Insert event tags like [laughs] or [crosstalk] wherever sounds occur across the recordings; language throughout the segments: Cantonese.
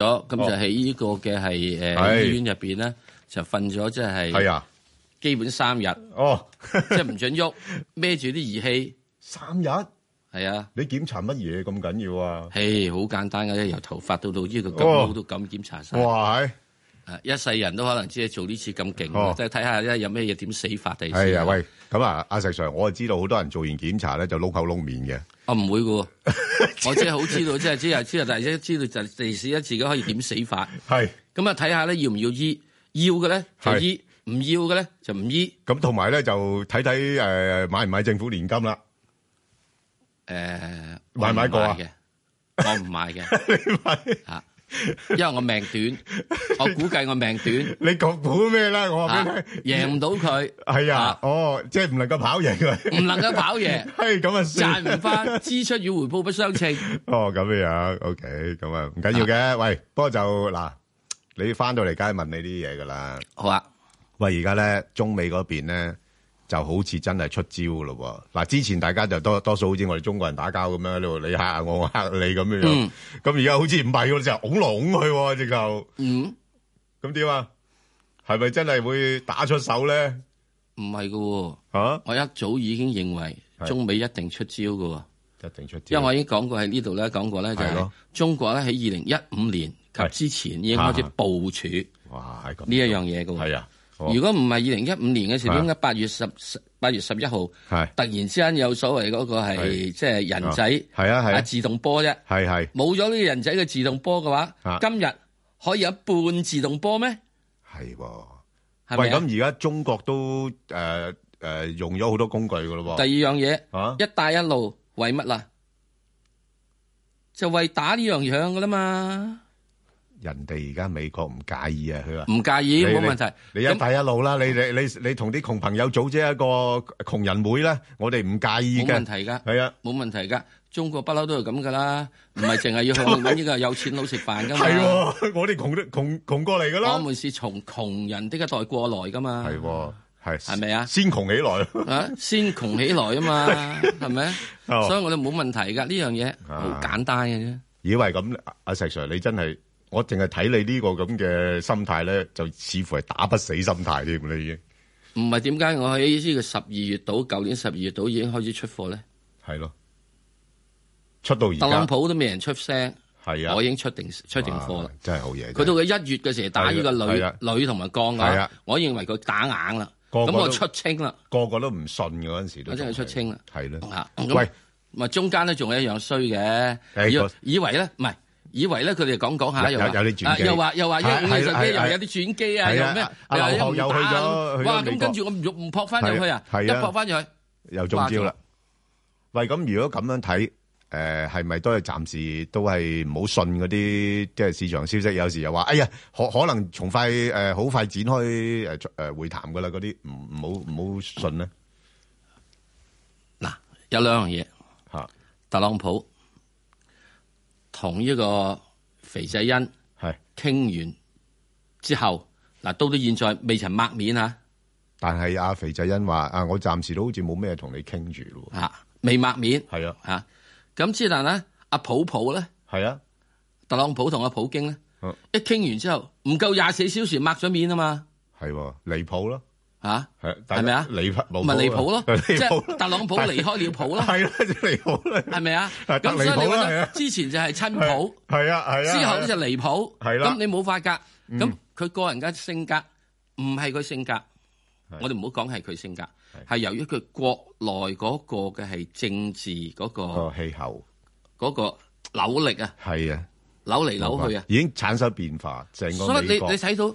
咁就喺呢個嘅係誒醫院入邊咧，就瞓咗即係，基本三日哦，即係唔准喐，孭住啲儀器三日，係啊，你檢查乜嘢咁緊要啊？誒，好簡單嘅，由頭髮到到呢個根毛都咁檢查晒。一世人都可能只係做呢次咁勁，即係睇下咧有咩嘢點死法第四次。係啊、哎，喂，咁、嗯、啊，阿石 Sir，我就知道好多人做完檢查咧就露口露面嘅。我唔、啊、會嘅， [laughs] 我即係好知道，即係知啊知啊，但係一知道就自己咁可以點死法。係咁啊，睇下咧要唔要醫，要嘅咧就醫，唔是要嘅咧就唔醫。咁同埋咧就睇睇誒買唔買政府年金啦。誒、呃、買唔買過嘅、啊，我唔買嘅。 [laughs] 的 [laughs] [laughs] 因為我命短，我估計我命短。你講估咩啦？我贏唔到佢，係啊，啊啊哦，即係唔能夠跑贏，唔能夠跑贏，係咁啊，賺唔翻，支出與回報不相稱。哦，咁樣，OK，咁啊，唔緊要嘅。喂，不過就嗱，你翻到嚟梗係問你啲嘢噶啦。好啊，喂，而家咧中美嗰邊咧。就好似真係出招嘅咯喎！嗱，之前大家就多多數好似我哋中國人打交咁樣，你嚇我，我嚇你咁樣，咁而家好似唔係喎，就拱攏佢直球。嗯，咁點啊？係咪真係會打出手咧？唔係㗎喎吓，我一早已經認為中美一定出招㗎喎，一定出招。因為我已經講過喺呢度咧，講過咧就係中國咧喺二零一五年及之前已經開始部署，哇，係咁呢一樣嘢㗎，係啊。如果唔係二零一五年嘅時，咁嘅八月十八月十一號，係的突然之間有所謂嗰個係即係人仔，係啊係啊自動波啫，係係冇咗呢個人仔嘅自動波嘅話，的今日可以有半自動波咩？係喎的。吧喂，咁而家中國都誒誒、呃呃、用咗好多工具噶咯喎。第二樣嘢、啊、一帶一路為乜啦？就為打呢樣嘢㗎啦嘛。人哋而家美國唔介意啊，佢話唔介意冇問題。你一帶一路啦，你你你你同啲窮朋友組織一個窮人會啦，我哋唔介意嘅。冇問題噶，係啊，冇問題噶。中國不嬲都係咁噶啦，唔係淨係要去搵呢個有錢佬食飯噶嘛。係喎，我哋窮都窮窮過嚟噶啦。我們是從窮人的一代過來噶嘛。係喎，係係咪啊？先窮起來啊！先窮起來啊嘛，係咪啊？所以我哋冇問題噶呢樣嘢，好簡單嘅啫。以為咁阿石 Sir，你真係～我淨係睇你呢個咁嘅心態咧，就似乎係打不死心態添你已經。唔係點解我喺呢個十二月到，舊年十二月到已經開始出貨咧？係咯，出到而家特朗普都未人出聲，係啊，我已經出定出定貨啦。真係好嘢！佢到佢一月嘅時候打呢個鋁，鋁同埋鋼啊，我認為佢打硬啦，咁我出清啦，個個都唔信嗰陣時都真係出清啦，係啦啊，喂，咪中間咧仲有一樣衰嘅，以為咧唔係。以為咧，佢哋講講下又話有啲轉機，又話又話有啲轉機，又話有啲轉機啊，又咩？又又去咗，哇！咁跟住我唔撲翻入去啊，又撲翻入去，又中招啦。喂，咁如果咁樣睇，誒，係咪都係暫時都係唔好信嗰啲即係市場消息？有時又話，哎呀，可可能從快誒好快展開誒誒會談噶啦，嗰啲唔唔好唔好信咧。嗱，有兩樣嘢吓，特朗普。同呢個肥仔欣傾完之後，嗱，係，到到現在未曾擘面啊！但係阿肥仔欣話：，啊，我暫時都好似冇咩同你傾住咯。吓，未擘面。係啊，吓，咁之但咧，阿普普咧，係啊，特朗普同阿普京咧，啊、一傾完之後，唔夠廿四小時擘咗面啊嘛。係離譜咯。吓係係咪啊？離譜咪離譜咯，即係特朗普離開了普咯，係啦，係離譜係咪啊？咁所以你覺得之前就係親譜係啊係啊，之後就離譜係啦。咁你冇法格，咁佢個人嘅性格唔係佢性格，我哋唔好講係佢性格，係由於佢國內嗰個嘅係政治嗰個氣候，嗰個扭力啊，係啊，扭嚟扭去啊，已經產生變化，成個美國，所以你你睇到。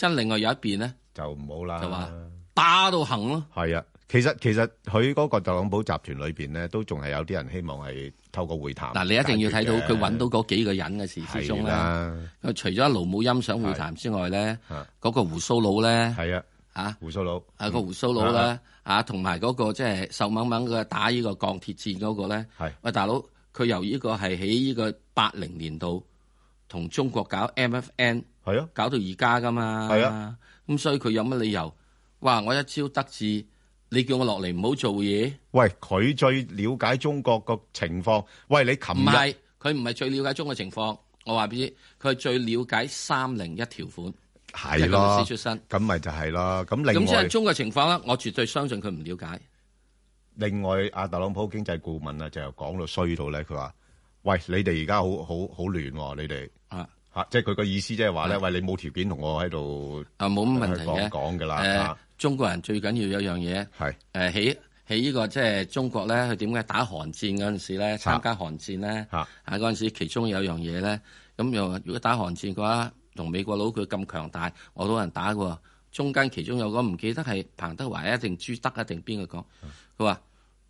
真另外有一邊咧，就唔好啦，就話打到行咯，係啊。其實其實佢嗰個特朗普集團裏邊咧，都仲係有啲人希望係透過會談。嗱，你一定要睇到佢揾到嗰幾個人嘅事，始終啦。除咗盧武欣想會談之外咧，嗰個鬍鬚佬咧，係啊，嚇鬍鬚佬係個鬍鬚佬啦，嚇同埋嗰個即係瘦掹掹嘅打呢個鋼鐵戰嗰個咧，係，喂，大佬，佢由依個係喺呢個八零年度同中國搞 M F N。係咯，啊、搞到而家噶嘛？係啊，咁所以佢有乜理由？哇！我一朝得志，你叫我落嚟唔好做嘢？喂，佢最了解中國個情況。喂，你琴日唔係佢唔係最了解中國情況？我話俾你知，佢最了解三零一條款。係咯、出身，咁咪就係咯。咁另外，咁即係中國情況啦，我絕對相信佢唔了解。另外，阿特朗普經濟顧問啊，就講、是、到衰到咧，佢話：喂，你哋而家好好好亂、哦，你哋。嚇、啊！即係佢個意思，即係話咧，喂，你冇條件同我喺度，講講嘅啦。中國人最緊要有樣嘢，係誒呢個即係、就是、中國咧，佢點解打韓戰嗰陣時咧，參加韓戰咧？是啊，嗰陣、啊、時其中有樣嘢咧，咁如果打韓戰嘅話，同美國佬佢咁強大，我都有人打喎。中間其中有個唔記得係彭德懷一定朱德一定邊個講，佢話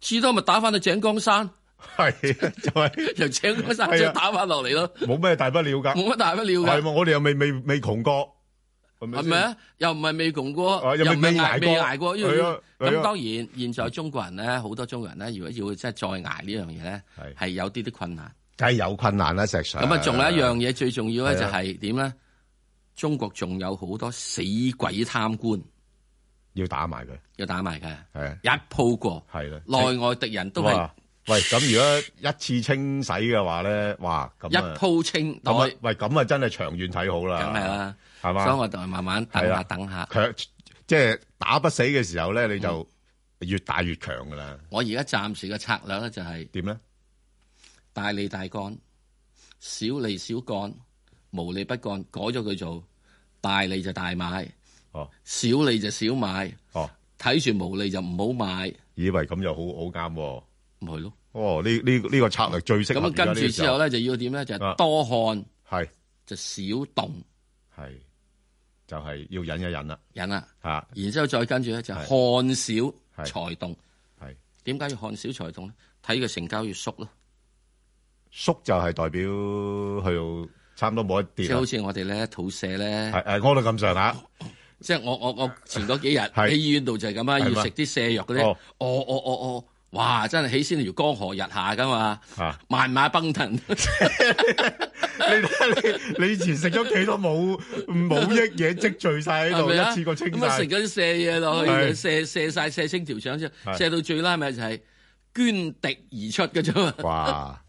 最多咪打翻到井岡山。係就係就請嗰三張打翻落嚟咯，冇咩大不了噶，冇乜大不了噶，係嘛？我哋又未未未窮過，係咪啊？又唔係未窮過，又未挨未挨過，咁當然，現在中國人咧，好多中國人咧，如果要真係再挨呢樣嘢咧，係有啲啲困難，梗係有困難啦，石生。咁啊，仲有一樣嘢最重要咧，就係點咧？中國仲有好多死鬼貪官，要打埋佢，要打埋佢，係一鋪過，係內外敵人都係。喂，咁如果一次清洗嘅話咧，哇，樣一鋪清，咁喂，咁啊真係長遠睇好啦，梗係啦，係嘛吧，所以我就慢慢等下，等下，即係、就是、打不死嘅時候咧，你就越打越強噶啦。我而家暫時嘅策略咧就係點咧？呢，大利大幹，小利小幹，無利不幹，改咗佢做大利就大買，哦，小利就小買，哦，睇住無利就唔好買。以為咁又好好啱喎。唔係咯，哦，呢呢呢個策略最適合，咁跟住之後咧就要點咧？就係多看，係就少動，係就係要忍一忍啦，忍啦吓。然之後再跟住咧就係看少才動，係點解要看少才動咧？睇佢成交要縮咯，縮就係代表去差唔多冇一啲。即係好似我哋咧肚瀉咧，係係屙到咁上下。即係我我我前嗰幾日喺醫院度就係咁樣，要食啲瀉藥嗰啲，哦哦哦哦。哇！真係起先係條江河日下噶嘛，萬馬奔騰。漫漫 [laughs] [laughs] 你睇下你，你以前食咗幾多冇冇益嘢積聚晒喺度，是是啊、一次過清晒。咁啊，食咗啲瀉嘢落去，瀉瀉晒瀉清條腸啫，射到最啦，咪就係捐滴而出嘅啫？哇！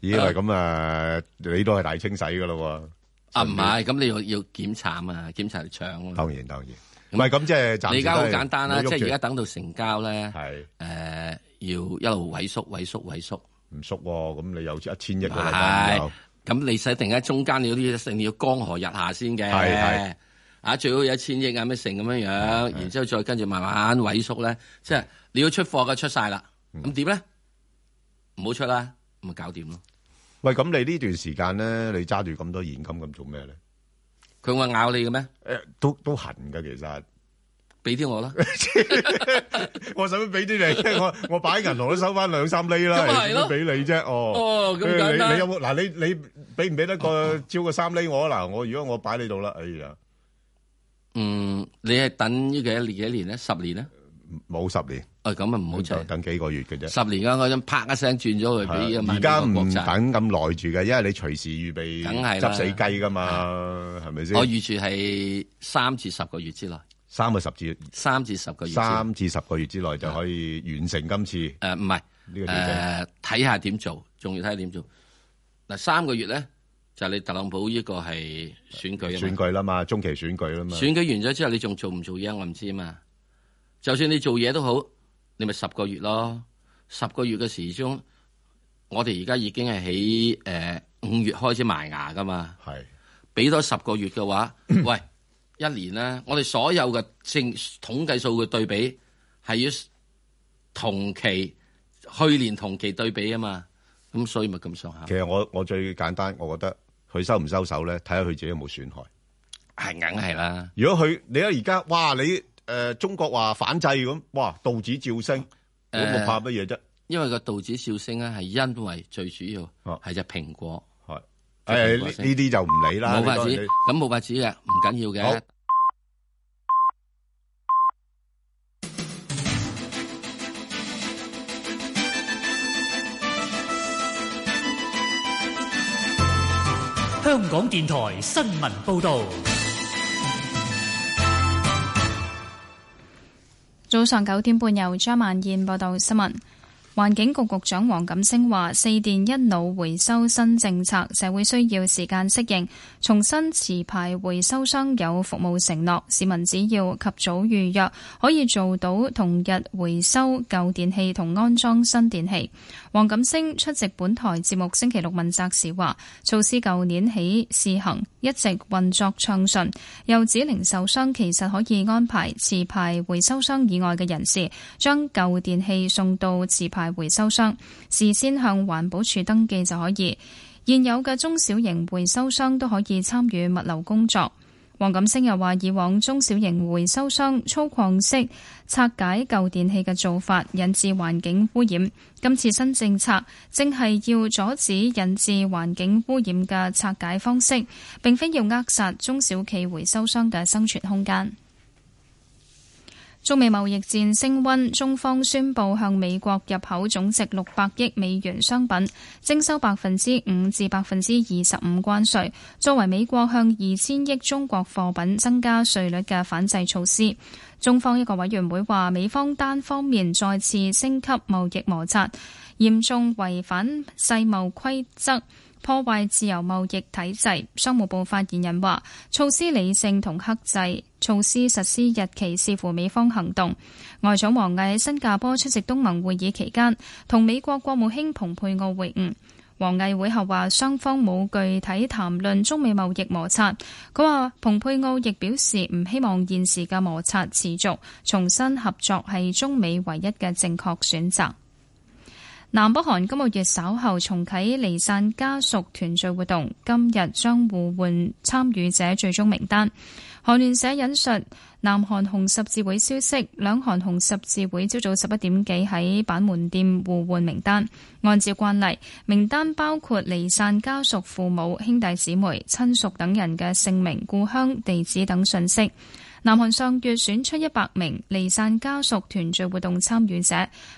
咦係咁啊，你都係大清洗噶咯喎。啊，唔係要，咁、啊、你要要檢查啊，檢查條腸。當然，當然。唔係，咁即係你而家好簡單啦，即係而家等到成交咧，係誒，要一路萎縮、萎縮、萎縮，唔縮喎，咁你有千一千億嘅啦，咁你使定喺中間你啲剩，要江河日下先嘅，係係，啊最好有一千億啊咩成咁樣樣，然之後再跟住慢慢萎縮咧，即係你要出貨嘅出晒啦，咁點咧？唔好出啦，咁咪搞掂咯。喂，咁你呢段時間咧，你揸住咁多現金咁做咩咧？佢會咬你嘅咩？誒，都都痕噶，其實俾啲我啦，我想俾啲你，我我擺銀行都收翻兩三厘啦，唔俾你啫，哦，哦，咁簡單。嗱，你你俾唔俾得個超個三厘我啊？嗱，我如果我擺你度啦，哎呀，嗯，你係等呢幾幾幾年咧？十年咧？冇十年。咁啊，唔、哦、好錯，等幾個月嘅啫。十年嗰陣拍一聲轉咗去畀，而家唔等咁耐住嘅，因為你隨時預備執死雞噶嘛，係咪先？我預住係三至十個月之內。三個十至三至十個月之內。三至十個月之內就可以完成今次。誒唔係誒，睇下點做，仲要睇下點做。嗱，三個月咧，就係、是、你特朗普呢個係選舉。選舉啦嘛，中期選舉啦嘛。選舉完咗之後，你仲做唔做嘢？我唔知啊嘛。就算你做嘢都好。你咪十個月咯，十個月嘅時鐘，我哋而家已經係喺誒五月開始埋牙噶嘛。係，俾多十個月嘅話， [coughs] 喂，一年咧，我哋所有嘅正統計數據對比係要同期去年同期對比啊嘛。咁所以咪咁上下。其實我我最簡單，我覺得佢收唔收手咧，睇下佢自己有冇損害，係梗係啦。如果佢你喺而家，哇你。誒中國話反制咁，哇道指照升，我冇怕乜嘢啫？因為個道指照升咧，係因為最主要係隻蘋果。係誒呢啲就唔理啦。冇法子，咁冇法子嘅，唔緊要嘅。香港電台新聞報導。早上九點半，由張曼燕報道新聞。環境局局長黃錦星話：四電一腦回收新政策，社會需要時間適應。重申持牌回收商有服務承諾，市民只要及早預約，可以做到同日回收舊電器同安裝新電器。黃錦星出席本台節目星期六問責時話：措施舊年起試行，一直運作暢順。又指零售商其實可以安排持牌回收商以外嘅人士，將舊電器送到持牌。回收商事先向環保署登記就可以，現有嘅中小型回收商都可以參與物流工作。黃錦星又話，以往中小型回收商粗獷式拆解舊電器嘅做法，引致環境污染。今次新政策正係要阻止引致環境污染嘅拆解方式，並非要扼殺中小企回收商嘅生存空間。中美貿易戰升溫，中方宣布向美國入口總值六百億美元商品，徵收百分之五至百分之二十五關稅，作為美國向二千億中國貨品增加稅率嘅反制措施。中方一個委員會話，美方單方面再次升級貿易摩擦，嚴重違反世貿規則。破壞自由貿易體制，商務部發言人話：措施理性同克制，措施實施日期視乎美方行動。外長王毅喺新加坡出席東盟會議期間，同美國國務卿蓬佩奧會晤。王毅會後話，雙方冇具體談論中美貿易摩擦。佢話，蓬佩奧亦表示唔希望現時嘅摩擦持續，重新合作係中美唯一嘅正確選擇。南北韓今個月稍後重啟離散家屬團聚活動，今日將互換參與者最終名單。韓聯社引述南韓紅十字會消息，兩韓紅十字會朝早十一點幾喺板門店互換名單，按照慣例，名單包括離散家屬父母、兄弟姊妹、親屬等人嘅姓名、故鄉、地址等信息。南韓上月選出一百名離散家屬團聚活動參與者，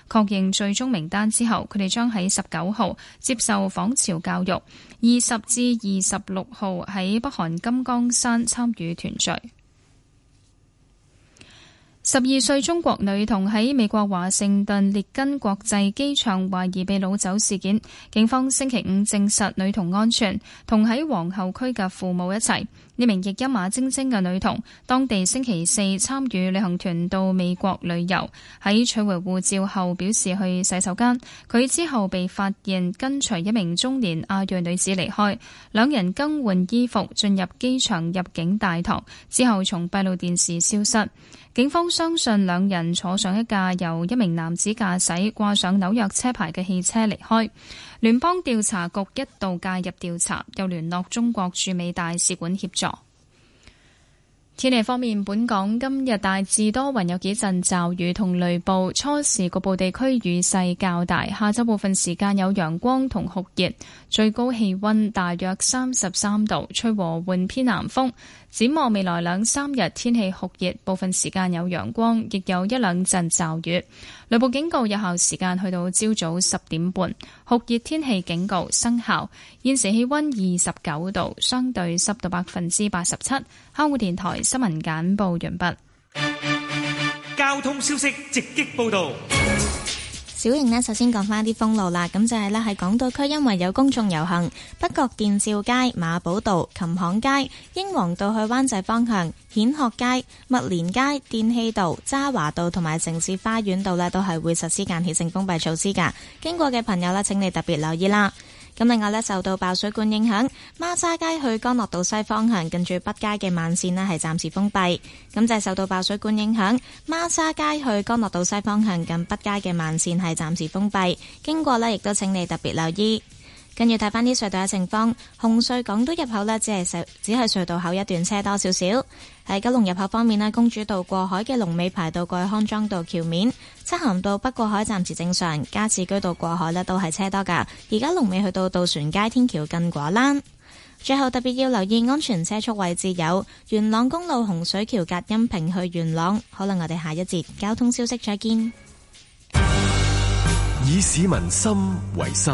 確認最終名單之後，佢哋將喺十九號接受訪朝教育，二十至二十六號喺北韓金剛山參與團聚。十二歲中國女童喺美國華盛頓列根國際機場懷疑被擄走事件，警方星期五證實女童安全，同喺皇后區嘅父母一齊。呢名譯音馬晶晶嘅女童，當地星期四參與旅行團到美國旅游，喺取回護照後表示去洗手間。佢之後被發現跟隨一名中年亞裔女子離開，兩人更換衣服進入機場入境大堂之後，從閉路電視消失。警方相信兩人坐上一架由一名男子駕駛、掛上紐約車牌嘅汽車離開。聯邦調查局一度介入調查，又聯絡中國駐美大使館協助。天氣方面，本港今日大致多雲，有幾陣驟雨同雷暴，初時局部地區雨勢較大。下周部分時間有陽光同酷熱，最高氣溫大約三十三度，吹和緩偏南風。展望未來兩三日，天氣酷熱，部分時間有陽光，亦有一兩陣驟雨。雷暴警告有效時間去到朝早十點半，酷熱天氣警告生效。現時氣溫二十九度，相對濕度百分之八十七。香港電台新聞簡報完畢。交通消息直擊報導。.小瑩呢，首先講返啲封路啦，咁就係啦，喺港島區，因為有公眾遊行，北角電照街、馬寶道、琴行街、英皇道去灣仔方向、顯學街、麥連街、電氣道、渣華道同埋城市花園道呢，都係會實施間歇性封閉措施噶。經過嘅朋友呢，請你特別留意啦。咁另外咧，受到爆水管影響，孖沙街去干諾道西方向近住北街嘅慢線呢係暫時封閉。咁就係、是、受到爆水管影響，孖沙街去干諾道西方向近北街嘅慢線係暫時封閉。經過呢，亦都請你特別留意。跟住睇翻啲隧道嘅情況，紅隧港島入口呢，只係隧只係隧道口一段車多少少。喺九龍入口方面，公主道過海嘅龍尾排到過去康莊道橋面，漆咸道北過海暫時正常，加士居道過海呢都係車多噶。而家龍尾去到渡船街天橋近果欄。最後特別要留意安全車速位置，有元朗公路洪水橋隔音屏去元朗。可能我哋下一節交通消息再見。以市民心為心。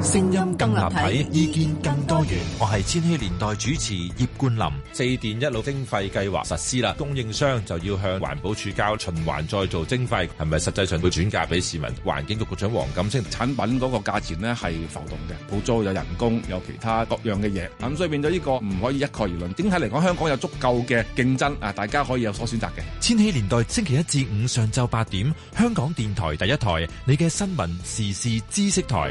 聲音更立體，意見更多元。我係千禧年代主持葉冠林。四電一路徵費計劃實施啦，供應商就要向環保署交循環再造徵費，係咪實際上會轉嫁俾市民？環境局局長黃錦星：產品嗰個價錢呢係浮動嘅，好租有人工有其他各樣嘅嘢，咁所以變咗呢個唔可以一概而論。整體嚟講，香港有足夠嘅競爭啊，大家可以有所選擇嘅。千禧年代星期一至五上晝八點，香港電台第一台，你嘅新聞時事知識台。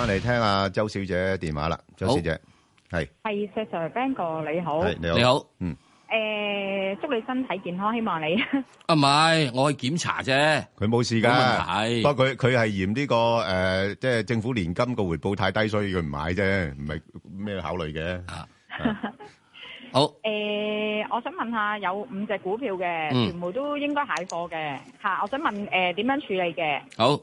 翻嚟聽下周小姐電話啦，周小姐係係 Sir Ben 哥你好，你好，你好，嗯，誒，祝你身體健康，希望你啊，唔係我去檢查啫，佢冇事噶，係，不過佢佢係嫌呢個誒，即係政府年金個回報太低，所以佢唔買啫，唔係咩考慮嘅，啊，好，誒，我想問下有五隻股票嘅，全部都應該蟹貨嘅，吓，我想問誒點樣處理嘅，好。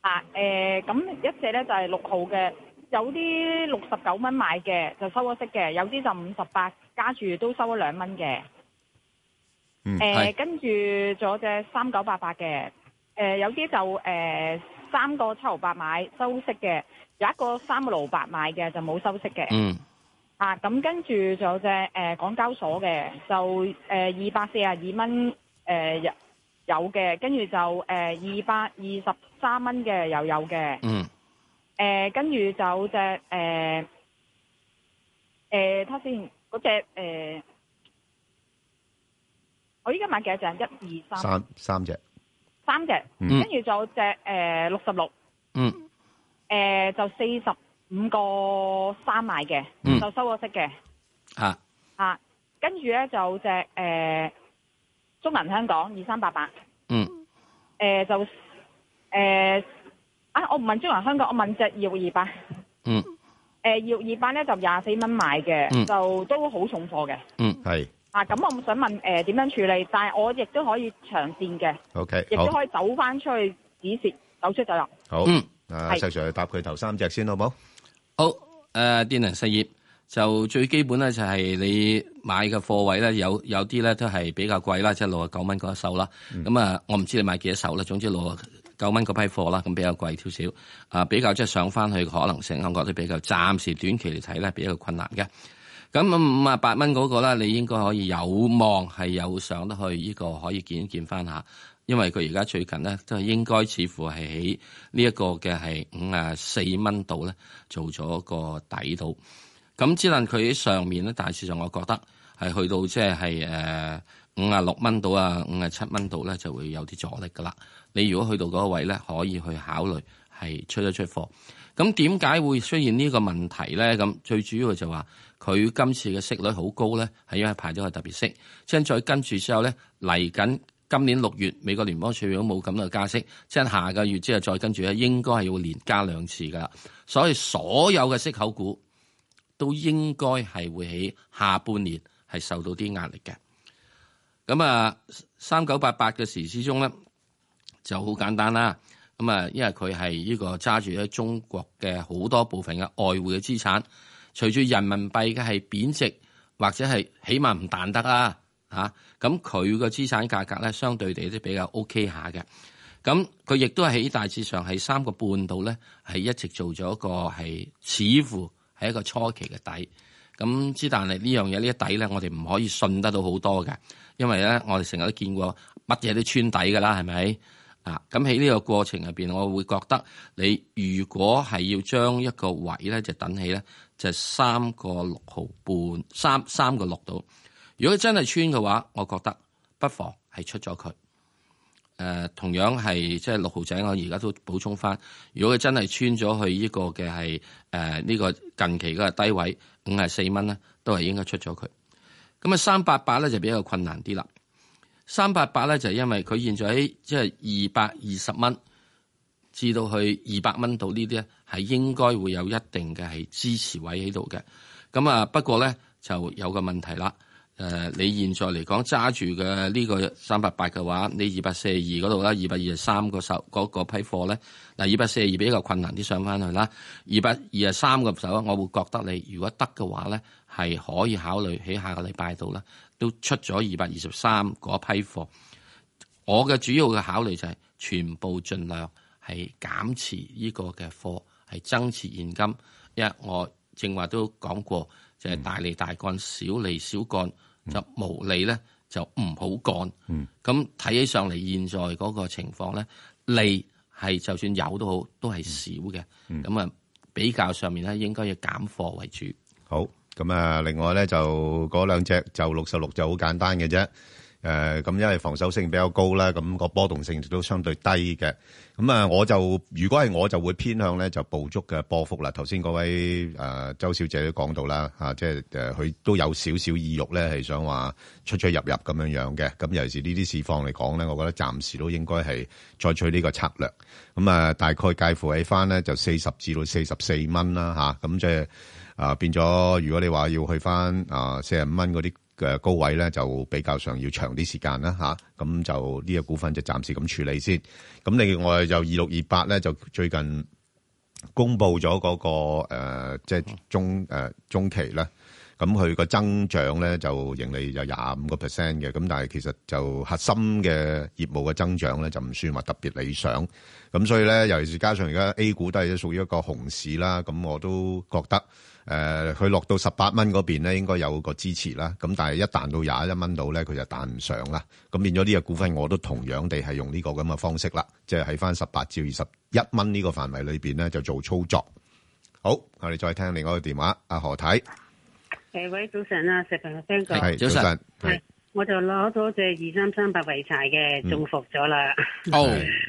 啊，誒、呃，咁一隻咧就係六號嘅，有啲六十九蚊買嘅就收咗息嘅，有啲就五十八加住都收咗兩蚊嘅。嗯，誒、呃，是的 跟住仲有隻三九八八嘅，誒、呃，有啲就誒三、呃、個七毫八買收息嘅，有一個三個六毫八買嘅就冇收息嘅。嗯。啊，咁跟住仲有隻誒、呃、港交所嘅，就誒二百四十二蚊誒。呃有嘅，跟住就誒二百二十三蚊嘅又有嘅。嗯。誒、呃，跟住就隻誒誒，睇、呃、下、呃、先嗰隻誒，我依家買幾多隻一二三三三隻，三隻，跟住就隻誒六十六。嗯。誒、呃嗯呃，就四十五個三買嘅，嗯、就收咗息嘅。啊。啊，跟住咧就隻誒。呃中銀香港二三八八，嗯，誒、呃、就誒、呃、啊，我唔問中銀香港，我問隻耀二八，嗯，誒耀二八咧就廿四蚊買嘅，就、嗯、就都好重貨嘅，嗯係，啊咁是我唔想問誒點、呃、樣處理，但係我亦都可以長線嘅，ok，亦都可以走翻出去止蝕好走出就啦好、嗯啊，好，嗯，啊，石 Sir 答佢頭三隻先好冇？好，誒、呃，電能實業。就最基本咧，就係你買嘅貨位咧，有有啲咧都係比較貴啦，即係六十九蚊嗰一手啦。咁啊、嗯嗯，我唔知你買幾多手啦。總之六十九蚊嗰批貨啦，咁比較貴少少啊，比較即係上翻去嘅可能性，我覺得比較暫時短期嚟睇咧，比較困難嘅。咁五十八蚊嗰個咧，你應該可以有望係有上得去呢、呢個，可以見一見翻下，因為佢而家最近咧都係應該似乎係喺呢一個嘅係五十四蚊度咧做咗個底度。咁只能佢喺上面咧，大致上我覺得係去到即係係誒五啊六蚊到啊，五啊七蚊到咧就會有啲阻力噶啦。你如果去到嗰位咧，可以去考慮係出一出貨。咁點解會出現呢個問題咧？咁最主要就話、是、佢今次嘅息率好高咧，係因為排咗個特別息，即係再跟住之後咧嚟緊今年六月美國聯邦儲備都冇咁嘅加息，即係下個月之後再跟住咧，應該係要連加兩次噶啦。所以所有嘅息口股。都應該係會喺下半年係受到啲壓力嘅。咁啊，三九八八嘅時事中咧就好簡單啦。咁啊，因為佢係呢個揸住喺中國嘅好多部分嘅外匯嘅資產，隨住人民幣嘅係貶值或者係起碼唔彈得啦吓，咁佢嘅資產價格咧相對地都比較 OK 下嘅。咁佢亦都係喺大致上係三個半度咧係一直做咗一個係似乎係一個初期嘅底咁，之但係呢樣嘢呢一底咧，我哋唔可以信得到好多嘅，因為咧我哋成日都見過乜嘢都穿底㗎啦，係咪啊？咁喺呢個過程入面，我會覺得你如果係要將一個位咧就等起咧，就三個六毫半，三三個六度。如果真係穿嘅話，我覺得不妨係出咗佢。誒同樣係即係六號仔，我而家都補充翻。如果佢真係穿咗去呢個嘅係呢個近期嗰個低位五十四蚊咧，都係應該出咗佢。咁啊三八八咧就比較困難啲啦。三八八咧就係因為佢現在喺即係二百二十蚊至到去二百蚊度呢啲咧係應該會有一定嘅係支持位喺度嘅。咁啊不過咧就有個問題啦。誒，你現在嚟講揸住嘅呢個三百八嘅話，你二百四十二嗰度啦，二百二十三個手嗰個批貨咧，嗱二百四十二比較困難啲上翻去啦，二百二十三個手，我會覺得你如果得嘅話咧，係可以考慮喺下個禮拜度啦，都出咗二百二十三嗰批貨。我嘅主要嘅考慮就係全部盡量係減持呢個嘅貨，係增持現金，因為我正話都講過，就係大利大幹，小利小幹。就無利咧，就唔好幹。咁睇、嗯、起上嚟，現在嗰個情況咧，利係就算有都好，都係少嘅。咁啊、嗯，比較上面咧，應該要減貨為主。好，咁啊，另外咧就嗰兩隻就六十六就好簡單嘅啫。誒咁，因為防守性比較高啦，咁個波動性亦都相對低嘅。咁啊，我就如果係我就會偏向咧，就捕捉嘅波幅啦。頭先嗰位誒周小姐都講到啦，即係誒佢都有少少意欲咧，係想話出出入入咁樣樣嘅。咁尤其是呢啲市況嚟講咧，我覺得暫時都應該係採取呢個策略。咁啊，大概介乎喺翻咧就四十至到四十四蚊啦，吓，咁即係啊變咗，如果你話要去翻啊四十五蚊嗰啲嘅高位咧就比較上要長啲時間啦吓，咁就呢個股份就暫時咁處理先。咁另外就二六二八咧就最近公佈咗嗰個誒，即係中、呃、中期咧，咁佢個增長咧就盈利有廿五個 percent 嘅，咁但係其實就核心嘅業務嘅增長咧就唔算話特別理想。咁所以咧，尤其是加上而家 A 股都係屬於一個熊市啦，咁我都覺得。誒，佢、呃、落到十八蚊嗰邊咧，應該有個支持啦。咁但係一彈到廿一蚊度咧，佢就彈唔上啦。咁變咗呢個股份，我都同樣地係用呢個咁嘅方式啦，即係喺翻十八至二十一蚊呢個範圍裏邊咧，就做操作。好，我哋再聽另外一個電話，阿何太，誒，喂，早晨啊，石係早晨。的我就攞咗隻二三三八濰柴嘅中伏咗啦。哦，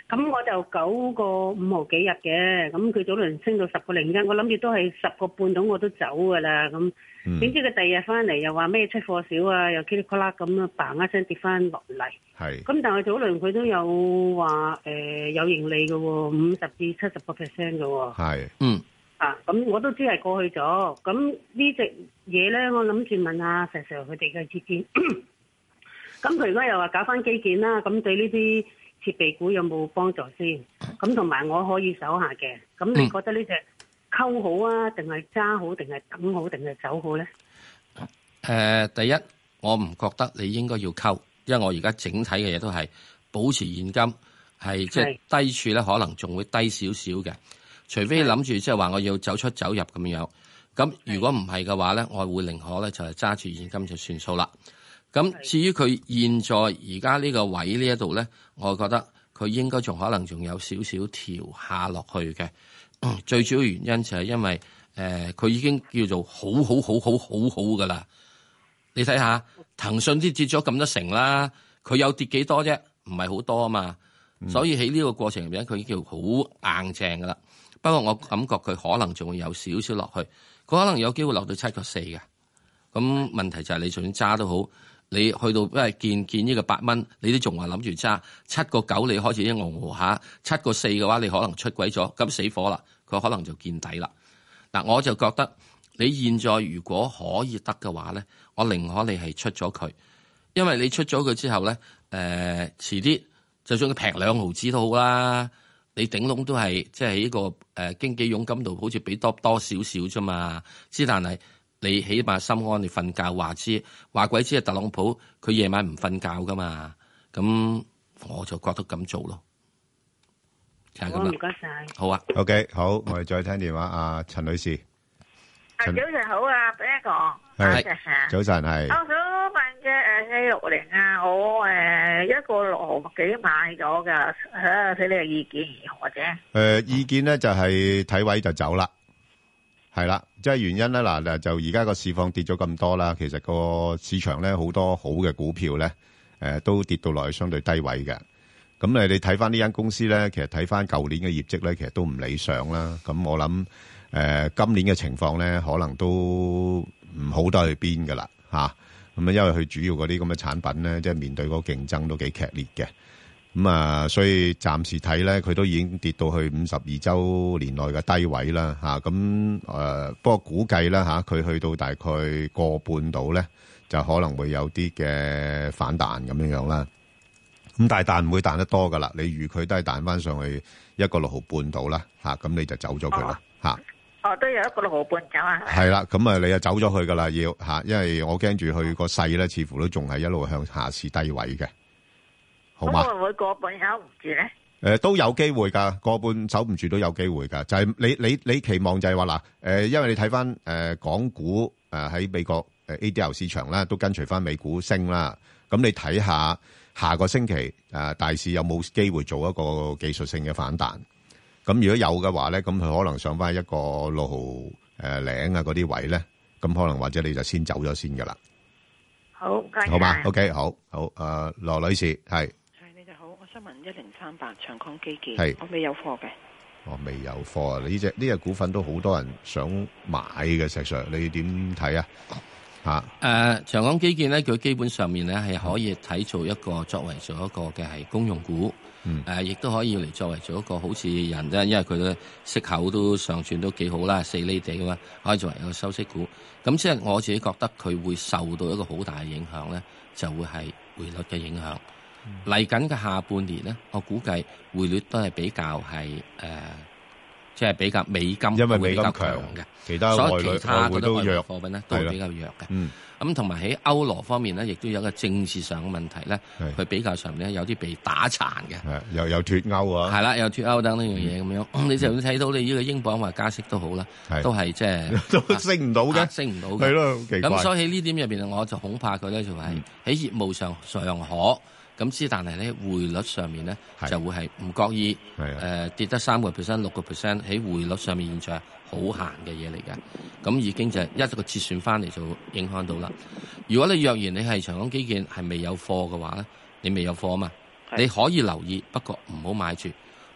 咁、嗯 [laughs] 嗯、我就九個五毫幾日嘅，咁佢早輪升到十個零一，我諗住都係十個半到我都走㗎啦。咁點、嗯、知佢第二日翻嚟又話咩出貨少啊，又噼哩啪啦咁啊嘭 a 一聲跌翻落嚟。咁是但係早輪佢都有話誒、呃、有盈利嘅喎、哦，五十至七十個 percent 嘅喎。哦、是嗯。啊，咁我都知係過去咗。咁呢隻嘢咧，我諗住問下石 i Sir 佢哋嘅意見。 [coughs] 咁佢而家又話搞翻基建啦，咁對呢啲設備股有冇幫助先？咁同埋我可以守下嘅。咁你覺得呢隻溝好啊，定係揸好，定係等好，定係走好咧？呃，第一，我唔覺得你應該要溝，因為我而家整體嘅嘢都係保持現金，係即係低處咧，可能仲會低少少嘅。除非你諗住即係話我要走出走入咁樣。咁如果唔係嘅話咧，是我會寧可咧就係揸住現金就算數啦。咁至於佢現在而家呢個位呢一度咧，我覺得佢應該仲可能仲有少少調下落去嘅。 [coughs] 最主要原因就係因為佢、呃、已經叫做好好好，好好好好好嘅啦。你睇下騰訊啲跌咗咁多成啦，佢有跌幾多啫？唔係好多啊嘛。所以喺呢個過程入面，佢已經叫好硬淨㗎啦。不過我感覺佢可能仲會有少少落去，佢可能有機會留到七個四嘅。咁問題就係你就算揸都好。你去到因為見見呢個八蚊，你都仲話諗住揸七個九，你開始一鵪鶉下七個四嘅話，你可能出軌咗，咁死火啦，佢可能就見底啦。嗱，我就覺得你現在如果可以得嘅話咧，我寧可你係出咗佢，因為你出咗佢之後咧，誒、呃、遲啲就算佢平兩毫子都好啦，你頂籠都係即係喺呢個誒經紀佣金度好似俾多多少少啫嘛，之但係。你起碼心安，你瞓覺話知話鬼知啊！特朗普佢夜晚唔瞓覺噶嘛，咁我就覺得咁做咯。陳哥，唔該曬，好啊。OK，好，我哋再聽電話啊，陳女士。啊，早晨好啊，第一個。係，早晨係。我想問嘅誒 A 六零啊，我誒一個六毫幾買咗㗎，啊睇你嘅意見如何啫？誒意見咧就係睇位就走啦。係啦，即係原因咧嗱，嗱就而家個市況跌咗咁多啦。其實個市場咧好多好嘅股票咧，誒、呃、都跌到落去相對低位嘅。咁你你睇翻呢間公司咧，其實睇翻舊年嘅業績咧，其實都唔理想啦。咁我諗誒、呃、今年嘅情況咧，可能都唔好得去邊噶啦吓。咁啊，因為佢主要嗰啲咁嘅產品咧，即係面對嗰個競爭都幾劇烈嘅。咁啊、嗯，所以暫時睇咧，佢都已經跌到去五十二週內嘅低位啦，咁、啊、誒、嗯呃，不過估計呢，佢、啊、去到大概個半度咧，就可能會有啲嘅反彈咁樣樣啦。咁、嗯、但彈唔會彈得多噶啦，你預佢都係彈翻上去一個六毫半度啦，咁、啊、你就走咗佢啦，嚇、哦啊。哦、啊，都有一個六毫半走啊。係啦，咁、嗯、啊，你就走咗佢噶啦，要因為我驚住佢個勢咧，似乎都仲係一路向下試低位嘅。好會唔會個半守唔住咧？誒、呃，都有機會噶個半守唔住都有機會噶就係、是、你你你期望就係話嗱，誒、呃，因為你睇翻誒港股誒喺、呃、美國誒 ADR 市場啦，都跟隨翻美股升啦。咁、嗯、你睇下下個星期誒、呃、大市有冇機會做一個技術性嘅反彈？咁、嗯、如果有嘅話咧，咁佢可能上翻一個六毫誒零啊嗰啲位咧，咁可能或者你就先走咗先噶啦。好，謝謝好嘛？OK，好，好誒，羅、呃、女士係。一零三八長江基建，是我未有貨，哦、未有貨嘅，我未有貨啊！呢隻呢隻股份都好多人想買嘅，石 Sir，你點睇啊？吓，誒，長江基建咧，佢基本上面咧係可以睇做一個作為做一個嘅係公用股，誒、嗯，亦都、呃、可以嚟作為做一個好似人咧，因為佢嘅息口都上傳都幾好啦，四厘地啊嘛，可以作為一個收息股。咁即係我自己覺得佢會受到一個好大嘅影響咧，就會係匯率嘅影響。嚟緊嘅下半年咧，我估計匯率都係比較係誒，即係比較美金，因為美金強嘅，其他所有其他嘅外匯貨品咧都係比較弱嘅。咁同埋喺歐羅方面咧，亦都有個政治上嘅問題咧，佢比較上咧有啲被打殘嘅，又有脫歐啊，係啦，有脫歐等等樣嘢咁樣。你就會睇到你呢個英鎊話加息都好啦，都係即係都升唔到嘅，升唔到嘅。咁所以喺呢點入邊，我就恐怕佢咧就係喺業務上尚可。咁之，但係咧匯率上面咧是就會係唔覺意誒的、呃、跌得三個 percent、六個 percent 喺匯率上面現在好行嘅嘢嚟嘅，咁已經就係一個折算翻嚟就影響到啦。如果你若然你係長江基建係未有貨嘅話咧，你未有貨啊嘛，的你可以留意，不過唔好買住。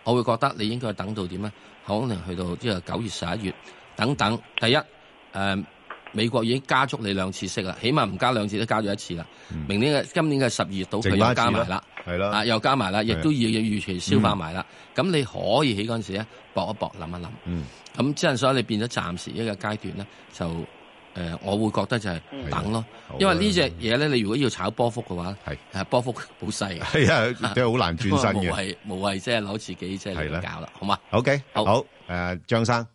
我會覺得你應該等到點咧？可能去到即係九月、十一月等等。第一誒。呃美國已經加足你兩次息啦，起碼唔加兩次都加咗一次啦。明年嘅今年嘅十二月到期又加埋啦，係啦，又加埋啦，亦都要預期消化埋啦。咁你可以起嗰陣時咧，搏一搏，諗一諗。咁即係所以你變咗暫時一個階段咧，就誒，我會覺得就係等咯。因為呢隻嘢咧，你如果要炒波幅嘅話，係波幅好細，係啊，都好難轉身嘅。無謂無謂，即係攞自己即係嚟搞啦，好嘛？OK，好好誒，張生，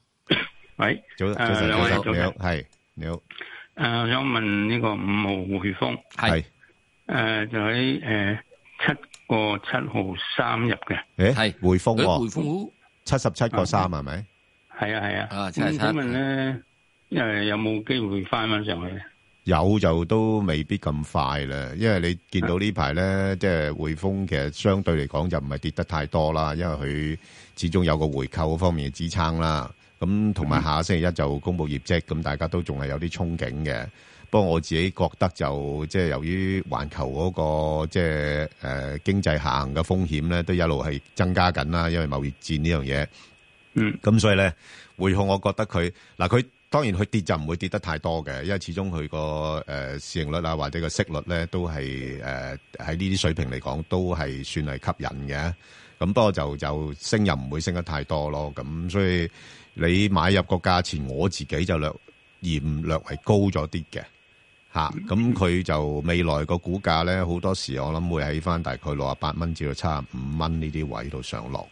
喂，早早晨，你好，你好，你好，誒、呃，我想問呢個五號匯豐係，誒、呃，就喺誒七個七號三入嘅，誒、呃，係匯豐，匯豐七十七個三係咪？係啊係啊，咁、啊啊啊嗯嗯、請問咧，誒、嗯，因為有冇機會翻翻上去？有就都未必咁快啦，因為你見到呢排咧，即係匯豐其實相對嚟講就唔係跌得太多啦，因為佢始終有個回購方面嘅支撐啦。咁同埋下個星期一就公布業績，咁大家都仲係有啲憧憬嘅。不過我自己覺得就即係、就是、由於環球嗰、那個即係誒經濟下行嘅風險咧，都一路係增加緊啦。因為貿易戰呢樣嘢，嗯，咁所以咧匯控，我覺得佢嗱佢當然佢跌就唔會跌得太多嘅，因為始終佢個誒市盈率啊，或者個息率咧都係誒喺呢啲水平嚟講都係算係吸引嘅。咁不過就就升又唔會升得太多咯。咁所以。你買入個價錢，我自己就略嫌略為高咗啲嘅，吓，咁佢就未來個股價咧，好多時我諗會喺翻大概六啊八蚊至到七啊五蚊呢啲位度上落。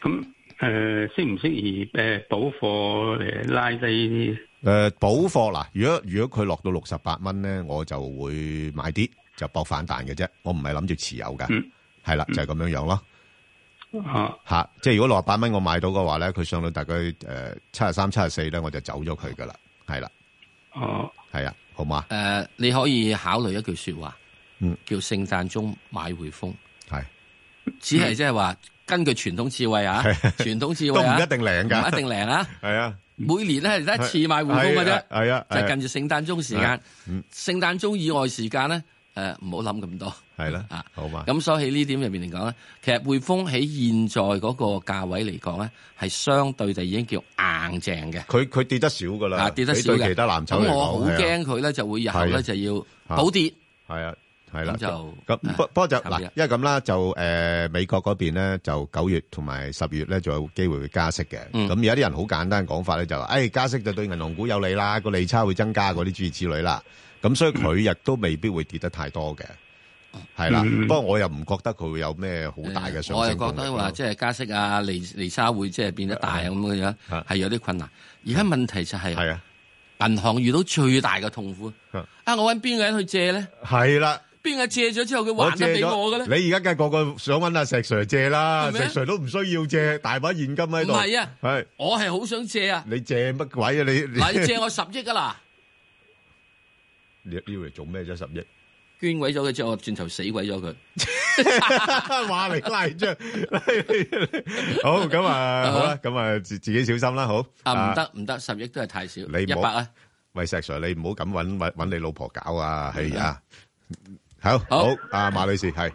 咁誒、嗯，適唔適宜誒補貨嚟拉低啲？誒、呃，補貨嗱，如果如果佢落到六十八蚊咧，我就會買啲就搏反彈嘅啫，我唔係諗住持有噶，係啦、嗯，就係咁樣樣咯。嗯吓、啊啊，即係如果六十八蚊我買到嘅話咧，佢上到大概誒七十三、七十四咧，73, 74, 我就走咗佢噶啦，係啦。哦，係啊，好嘛？誒、呃，你可以考慮一句說話，嗯，叫聖誕鐘買匯豐，係、嗯、只係即係話根據傳統智慧啊，傳的統智慧、啊、都唔一定靈噶，唔一定靈啊？係啊的，每年咧係得一次買匯豐嘅啫，係啊，是是是就係近住聖誕鐘時間，聖誕、嗯、鐘以外時間咧，誒、呃，唔好諗咁多。係啦，啊，好嘛？咁所以喺呢點入面嚟講咧，其實匯豐喺現在嗰個價位嚟講咧，係相對就已經叫硬淨嘅。佢佢跌得少噶啦，跌得少嘅。其他藍籌。咁我好驚佢咧，就會日後咧就要補跌。係啊，係啦，就咁不不過就嗱，因為咁啦，就誒美國嗰邊咧，就九月同埋十月咧，就有機會會加息嘅。咁而家啲人好簡單嘅講法咧，就話誒加息就對銀行股有利啦，個利差會增加嗰啲諸如此類啦。咁所以佢亦都未必會跌得太多嘅。係啦，不過我又唔覺得佢會有咩好大嘅上升空間。我又覺得話即係加息啊，泥泥沙會即係變得大咁嘅樣，係有啲困難。而家問題就係，銀行遇到最大嘅痛苦啊！啊，我揾邊個人去借咧？係啦，邊個借咗之後佢還得俾我嘅咧？你而家梗個個想揾阿石 Sir 借啦，石 Sir 都唔需要借，大把現金喺度。唔係啊，係我係好想借啊！你借乜鬼啊？你，你借我十億㗎啦！你你嚟做咩啫？十億？捐毀咗佢之後，我轉頭死毀咗佢。話嚟拉住，好咁啊，好咁啊，自自己小心啦，好。啊，唔得唔得，十億都係太少，一百啊。喂，石 Sir，你唔好咁搵搵搵你老婆搞啊，係啊。好，好。阿馬女士係。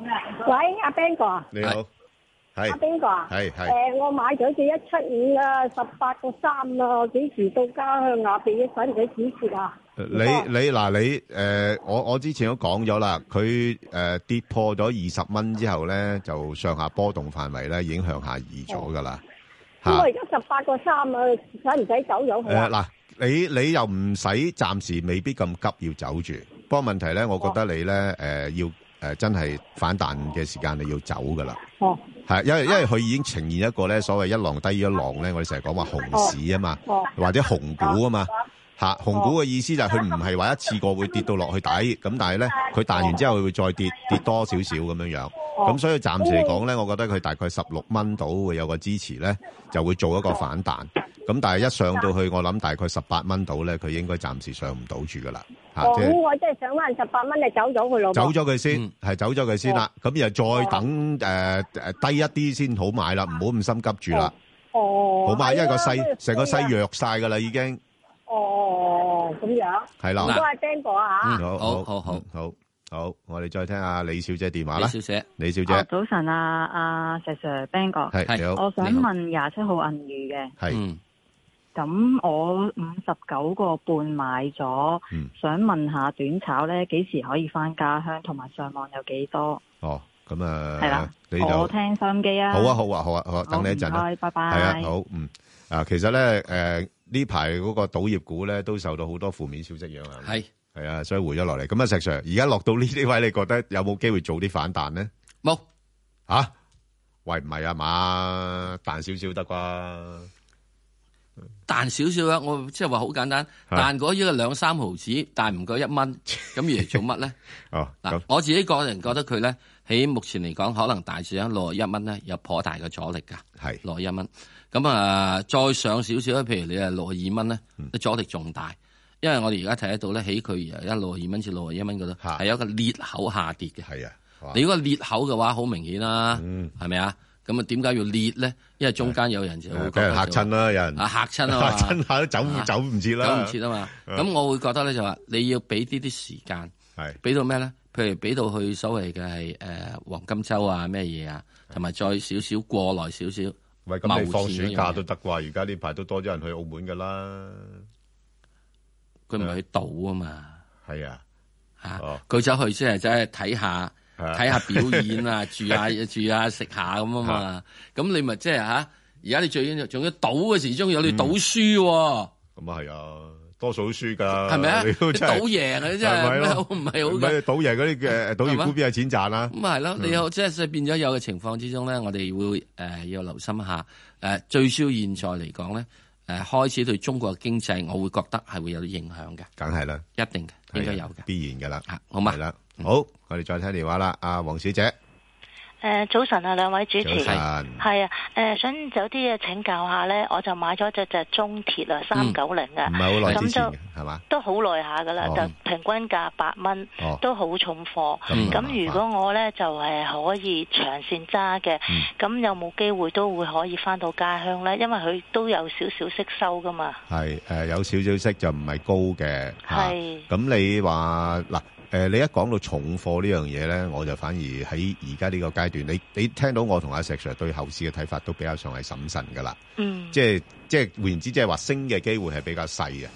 喂，阿 Ben 哥。你好。係。阿 Ben 哥啊。係係。誒，我買咗好似一七五啊，十八個三啦，幾時到家鄉啊？俾啲使唔使補貼啊？你你嗱你誒、呃、我我之前都講咗啦，佢誒、呃、跌破咗二十蚊之後咧，就上下波動範圍咧已經向下移咗噶啦。因、嗯、是我而家十八個三啊，使唔使走咗佢啊？嗱，你你又唔使暫時未必咁急要走住。不過問題咧，我覺得你咧、哦、要誒、呃、真係反彈嘅時間你要走噶啦。哦，係因為因為佢已經呈現一個咧所謂一浪低於一浪咧，我哋成日講話熊市啊嘛，哦哦、或者熊股啊嘛。吓，紅股嘅意思就係佢唔係話一次過會跌到落去底，咁但係咧佢彈完之後會再跌，跌多少少咁樣樣。咁所以暫時嚟講咧，我覺得佢大概十六蚊到會有個支持咧，就會做一個反彈。咁但係一上到去，我諗大概十八蚊到咧，佢應該暫時上唔到住噶啦。吓、哦、即係上返，十八蚊你走咗佢咯？走咗佢先，係走咗佢先啦。咁又再等誒、哦呃、低一啲先好買啦，唔好咁心急住啦。哦，好嘛買，呀因為細個勢成個勢弱晒噶啦，嗯、已經。哦，咁樣係啦，應該係 Bang 哥啊，好好好好好好，我哋再聽下李小姐電話啦，李小姐，李小姐，早晨啊，阿石 Sir，Bang 哥，係你好，我想問廿七號銀娛嘅，係，咁我五十九個半買咗，想問下短炒咧幾時可以翻家鄉，同埋上網有幾多？哦，咁啊，係啦，我聽收音機啊，好啊，好啊，好啊，我等你一陣，拜拜，係啊，好，嗯，啊，其實咧，誒。呢排嗰個賭業股咧，都受到好多負面消息影響，係，係是啊，所以回咗落嚟。咁啊，石 Sir，而家落到呢啲位，你覺得有冇機會做啲反彈咧？冇吓有、啊，喂唔係啊嘛，彈少少得啩，彈少少啊！我即係話好簡單，彈嗰呢個兩三毫子，彈唔夠一蚊，咁 [laughs] 而做乜咧？哦，嗱、啊，樣我自己個人覺得佢咧，喺目前嚟講，可能大致上落一蚊咧，有頗大嘅阻力噶，係是落一蚊。咁啊，再上少少咧，譬如你係六十二蚊咧，阻力仲大，因為我哋而家睇得到，咧，起佢而家六十二蚊至六十一蚊嗰度，係有個裂口下跌嘅。係啊，你如果裂口嘅話，好明顯啦，係咪啊？咁、嗯、啊，點解要裂咧？因為中間有人就會覺得嚇親啦，客有人嚇親嚇親下都走走唔切啦，走唔切啊嘛。咁、嗯、我會覺得咧，就話你要俾啲啲時間，係俾到咩咧？譬如俾到去所謂嘅係誒黃金周啊，咩嘢啊，同埋再少少過來少少。咁，你放暑假都得啩？而家呢排都多咗人去澳門噶啦，佢唔係去賭啊嘛。係啊，佢走、啊、去即係走去睇下，睇、啊、下表演 [laughs] 下啊，住下住下，食、啊、下咁啊嘛。咁、啊、你咪即係吓？而、啊、家你最緊仲要賭嘅時，終有你賭輸喎。咁啊係啊。嗯多數都輸噶，係咪啊？你賭贏，你真係唔係好唔係好賭贏嗰啲嘅賭業股邊有錢賺啦，咁係咯，你好即係變咗有嘅情況之中咧，我哋會誒、呃、要留心下。誒、呃，最少現在嚟講咧，誒、呃、開始對中國嘅經濟，我會覺得係會有啲影響嘅，梗係啦，一定嘅，應該有嘅，必然噶啦、啊。好嘛，係啦，好，嗯、好我哋再聽電話啦，阿、啊、黃小姐。誒、呃，早晨啊，兩位主持人，係晨啊，誒、呃，想有啲嘢請教一下咧，我就買咗隻隻中鐵啊，三九零啊，唔係好耐之前，係嘛就，是吧都好耐下噶啦，哦、就平均價八蚊，都好重貨。咁、哦，如果我咧就係、是、可以長線揸嘅，咁、嗯、有冇機會都會可以返到家鄉咧？因為佢都有少少息收噶嘛。係，誒、呃，有少少息就唔係高嘅，係是。咁你話嗱？誒、呃，你一講到重貨呢樣嘢咧，我就反而喺而家呢個階段，你你聽到我同阿石 Sir 對後市嘅睇法都比較上係審慎噶啦，嗯，即係即係換言之，即係話升嘅機會係比較細嘅。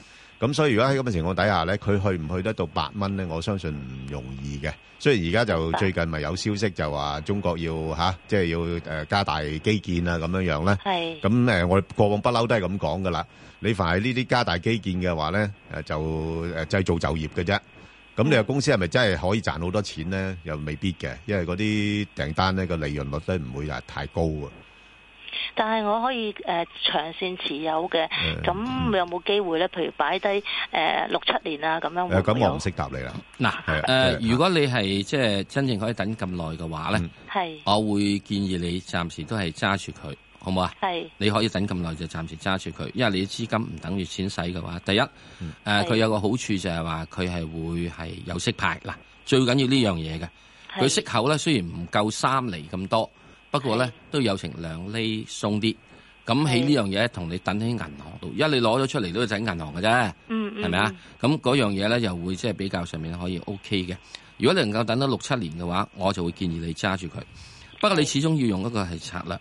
咁所以如果喺咁嘅情況底下咧，佢去唔去得到八蚊咧，我相信唔容易嘅。雖然而家就最近咪有消息就話中國要嚇，即係要誒加大基建啊咁樣樣咧，係咁是我哋過往不嬲都係咁講噶啦。你凡係呢啲加大基建嘅話咧，誒就誒製造就業嘅啫。咁你嘅公司係咪真係可以賺好多錢咧？又未必嘅，因為嗰啲訂單咧個利潤率都唔會係太高啊。但係我可以誒、呃、長線持有嘅，咁、嗯、有冇機會咧？譬如擺低誒六七年有有啊，咁樣咁我唔識答你啦。嗱喇，誒，呃、的如果你係即係真正可以等咁耐嘅話咧，係的我會建議你暫時都係揸住佢。好唔好啊？係是你可以等咁耐就暫時揸住佢，因為你嘅資金唔等於錢使嘅話，第一，誒佢有個好處就係話佢係會係有息派。嗱，最緊要呢樣嘢嘅，佢是息口咧雖然唔夠三厘咁多，不過咧是都有成兩厘鬆啲，咁起呢樣嘢同你等喺銀行度，一你攞咗出嚟都要整銀行嘅啫，係咪啊？咁、嗯、嗰樣嘢咧又會即係比較上面可以 O K 嘅，如果你能夠等到六七年嘅話，我就會建議你揸住佢。是不過你始終要用一個係策略。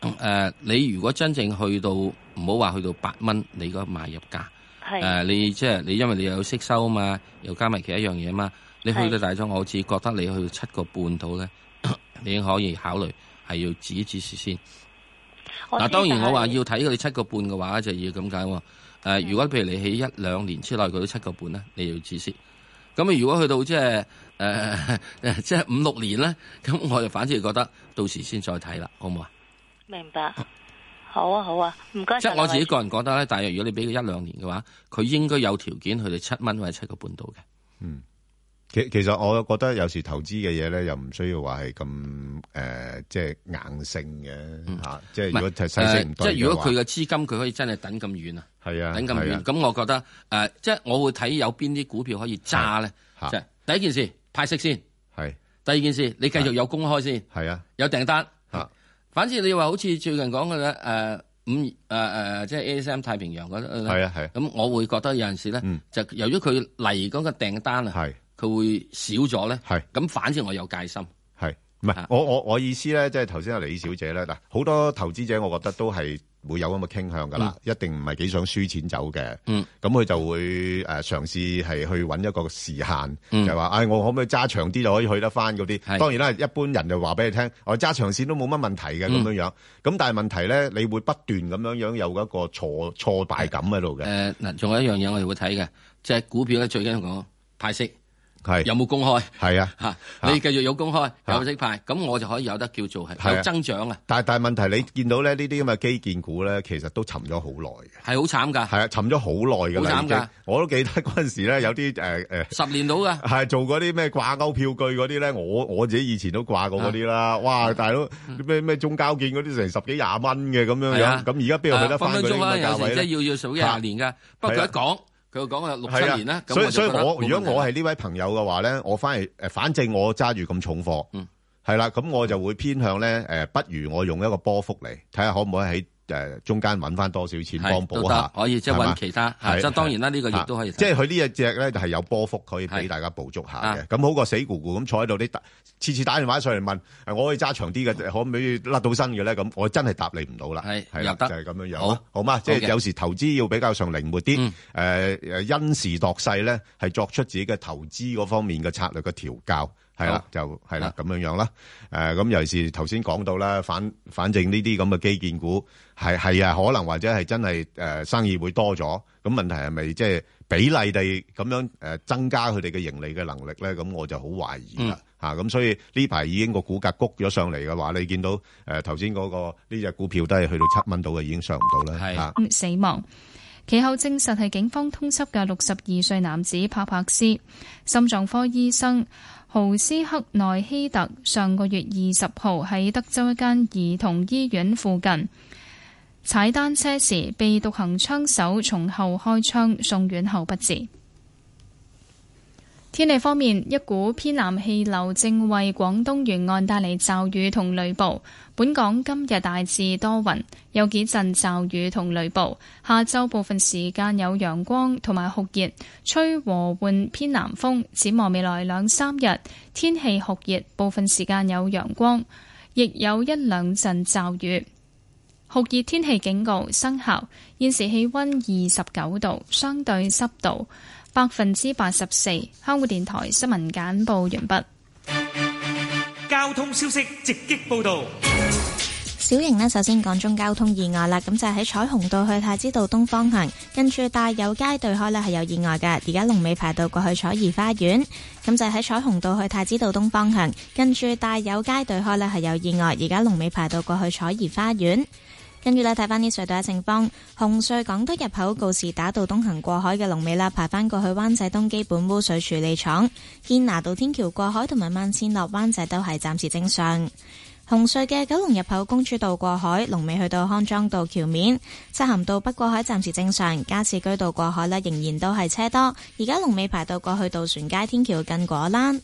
誒，uh, 你如果真正去到唔好話去到八蚊，是 uh, 你個買入價，誒，你即係你因為你有息收啊嘛，又加埋其他樣嘢嘛，你去到大中，我只覺得你去到七個半到咧，是你可以考慮係要止一止蝕先。嗱，當然我話要睇佢哋七個半嘅話，就要咁解。誒、uh，如果譬如你喺一兩年之內佢都七個半咧，你要止蝕。咁如果去到即係誒即係五六年咧，咁我就反而覺得到時先再睇啦，好唔好啊？明白，好啊好啊，唔該。即係我自己個人覺得咧，大約如果你俾佢一兩年嘅話，佢應該有條件，佢哋七蚊或者七個半度嘅。嗯，其其實我覺得有時投資嘅嘢咧，又唔需要話係咁誒，即係硬性嘅吓。即係如果即係如果佢嘅資金，佢可以真係等咁遠啊？係啊，等咁遠。咁我覺得誒，即係我會睇有邊啲股票可以揸咧。第一件事派息先，係。第二件事，你繼續有公開先，係啊，有訂單。反正你話好似最近講嘅誒五誒誒、呃呃、即係 A S M 太平洋嗰，係啊係。咁、啊、我會覺得有陣時咧，嗯、就由於佢嚟嗰個訂單啊，佢係會少咗咧，咁係反正我有戒心。唔係，我我我意思咧，即係頭先阿李小姐咧，嗱，好多投資者，我覺得都係會有咁嘅傾向噶啦，嗯、一定唔係幾想輸錢走嘅。嗯。咁佢就會誒嘗試係去揾一個時限，嗯、就話，唉、哎，我可唔可以揸長啲就可以去得翻嗰啲？嗯、當然啦，一般人就話俾你聽，我揸長線都冇乜問題嘅咁樣樣。咁、嗯、但係問題咧，你會不斷咁樣樣有一個挫挫敗感喺度嘅。誒、呃，嗱，仲有一樣嘢我哋會睇嘅，即、就、係、是、股票咧，最緊要講派息。係有冇公開？係啊，吓，你繼續有公開有息派，咁我就可以有得叫做係有增長啊！但係但係問題，你見到咧呢啲咁嘅基建股咧，其實都沉咗好耐嘅。係好慘噶，係啊，沉咗好耐咁樣。好慘噶！我都記得嗰陣時咧，有啲誒誒，十年到噶，係做嗰啲咩掛鈎票據嗰啲咧，我我自己以前都掛過嗰啲啦。哇！大佬咩咩中交建嗰啲成十幾廿蚊嘅咁樣樣，咁而家邊度搵得翻佢嘅價位咧？要要數幾廿年噶，不過一講，佢講係六七年啦，所以所以我如果我係呢位朋友嘅話咧，我翻嚟誒，反正我揸住咁重貨，係啦、嗯，咁我就會偏向咧誒，不如我用一個波幅嚟睇下可唔可以喺。誒中間揾翻多少錢幫補下，可以即係揾其他，係即當然啦，呢個亦都可以。即係佢呢一隻咧就係有波幅可以俾大家捕捉下嘅。咁好過死咕咕咁坐喺度，啲次次打電話上嚟問，我可以揸長啲嘅，可唔可以甩到新嘅咧？咁我真係答你唔到啦。係，係啦，就係咁樣樣，好，好嘛。即係有時投資要比較上靈活啲，誒誒因時度勢咧，係作出自己嘅投資嗰方面嘅策略嘅調教。係啦，是好就係啦，咁樣樣啦。誒的，咁尤其是頭先講到啦，反反正呢啲咁嘅基建股係係啊，可能或者係真係誒生意會多咗。咁問題係咪即係比例地咁樣誒增加佢哋嘅盈利嘅能力咧？咁我就好懷疑啦吓。咁、嗯、所以呢排已經，股格已經個股價谷咗上嚟嘅話，你見到誒頭先嗰個呢隻股票都係去到七蚊度嘅，已經上唔到啦吓。的的死亡，其後證實係警方通緝嘅六十二歲男子帕帕斯心臟科醫生。豪斯克內希特上個月二十號喺德州一間兒童醫院附近踩單車時，被獨行槍手從後開槍，送院後不治。天氣方面，一股偏南氣流正為廣東沿岸帶嚟驟雨同雷暴。本港今日大致多雲，有幾陣驟雨同雷暴。下晝部分時間有陽光同埋酷熱，吹和緩偏南風。展望未來兩三日，天氣酷熱，部分時間有陽光，亦有一兩陣驟雨。酷熱天氣警告生效。現時氣溫二十九度，相對濕度。百分之八十四，香港電台新聞簡報完畢。交通消息直擊報道。小型呢，首先講中交通意外啦，咁就係喺彩虹道去太子道東方向，跟住大有街對開呢係有意外嘅，而家龍尾排到過去彩怡花園。咁就喺彩虹道去太子道東方向，跟住大有街對開呢係有意外，而家龍尾排到過去彩怡花園。跟住呢，睇翻啲隧道嘅情況。紅隧港島入口告士打道東行過海嘅龍尾啦，排返過去灣仔東基本污水處理廠堅拿道天橋過海同埋慢線落灣仔都係暫時正常。紅隧嘅九龍入口公主道過海龍尾去到康莊道橋面漆咸道北過海暫時正常。加士居道過海啦，仍然都係車多。而家龍尾排到過去渡船街天橋近果欄。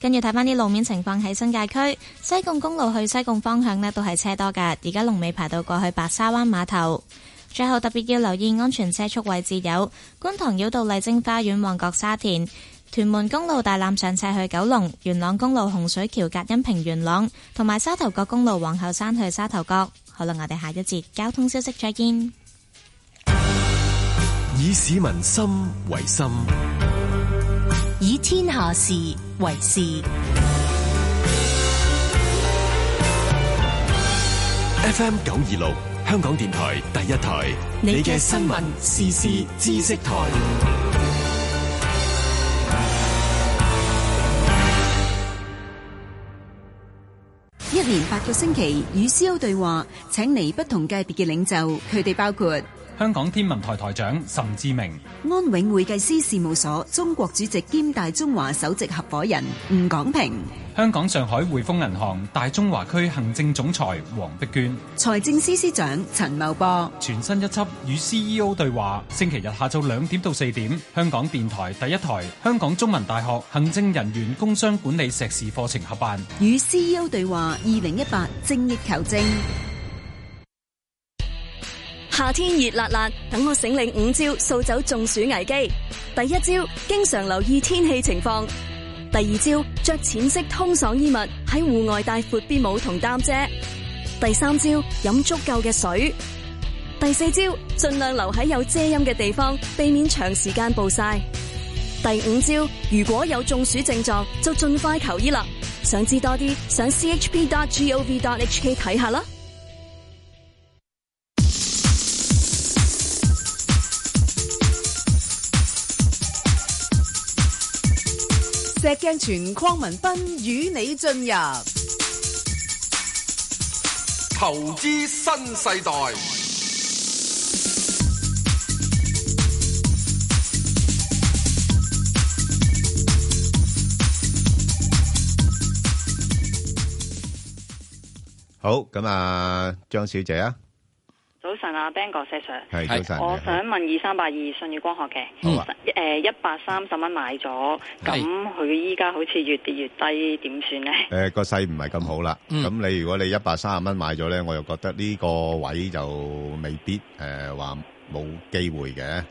跟住睇翻啲路面情況，喺新界區西貢公路去西貢方向呢，都係車多㗎。而家龍尾排到過去白沙灣碼頭。最後特別要留意安全車速位置有觀塘繞道麗晶花園、旺角、沙田、屯門公路大欖上斜去九龍、元朗公路洪水橋隔音平原朗、同埋沙頭角公路皇后山去沙頭角。好啦，我哋下一節交通消息再見。以市民心為心，天下事為事，FM 九二六香港電台第一台，你嘅新聞時事知識台，一連八個星期與 C O 對話，請嚟不同界別嘅領袖，佢哋包括。香港天文台台長岑志明，安永會計師事務所中國主席兼大中華首席合伙人吳廣平，香港上海匯豐銀行大中華區行政總裁黃碧娟，財政司司長陳茂波，全新一輯與 CEO 對話，星期日下晝兩點到四點，香港電台第一台，香港中文大學行政人員工商管理碩士課程合辦，與 CEO 對話二零一八，精益求精。夏天熱辣辣，等我醒領五招掃走中暑危機。第一招，經常留意天氣情況；第二招，着淺色通爽衣物喺戶外帶闊啲帽同擔遮；第三招，飲足夠嘅水；第四招，盡量留喺有遮陰嘅地方，避免長時間暴曬；第五招，如果有中暑症狀，就盡快求醫啦。想知多啲，上 chp.gov.hk 睇下啦。石鏡泉鄺民彬與你進入投資新世代。好，咁啊，張小姐啊。早晨啊，Ben 哥 Sir，係早晨。Sir, 早我想問二三八二信宇光學嘅，誒一百三十蚊買咗，咁佢依家好似越跌越低，點算咧？誒、呃，個勢唔係咁好啦。咁、嗯、你如果你一百三十蚊買咗咧，我又覺得呢個位就未必誒話冇機會嘅。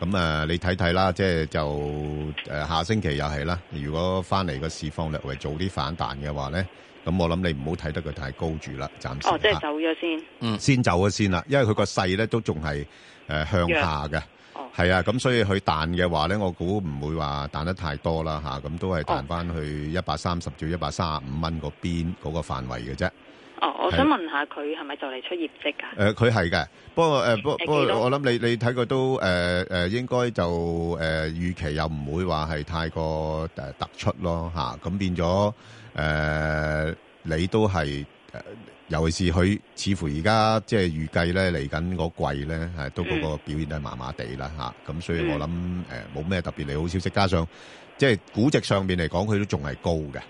咁啊、呃，你睇睇啦，即係就誒、呃、下星期又係啦。如果翻嚟個市況略為做啲反彈嘅話咧，咁我諗你唔好睇得佢太高住啦，暫時。哦，即係走咗先？嗯，先走咗先啦，因為佢個勢咧都仲係誒向下嘅。哦，係啊，咁所以佢彈嘅話咧，我估唔會話彈得太多啦，吓、啊，咁都係彈翻去一百三十至一百三十五蚊嗰邊嗰個範圍嘅啫。哦，是，哦，我想問下佢係咪就嚟出業績噶？誒、呃，佢係嘅，不過誒、呃，不過不過我諗你你睇佢都誒誒、呃呃，應該就誒預、呃、期又唔會話係太過誒突出咯，吓、啊，咁變咗。誒、呃，你都係，尤其是佢，似乎而家即係預計咧，嚟緊嗰季咧，係、嗯、都嗰個表現咧麻麻地啦吓，咁、啊、所以我諗誒，冇咩、嗯呃、特別利好消息，加上即係估值上面嚟講，佢都仲係高嘅，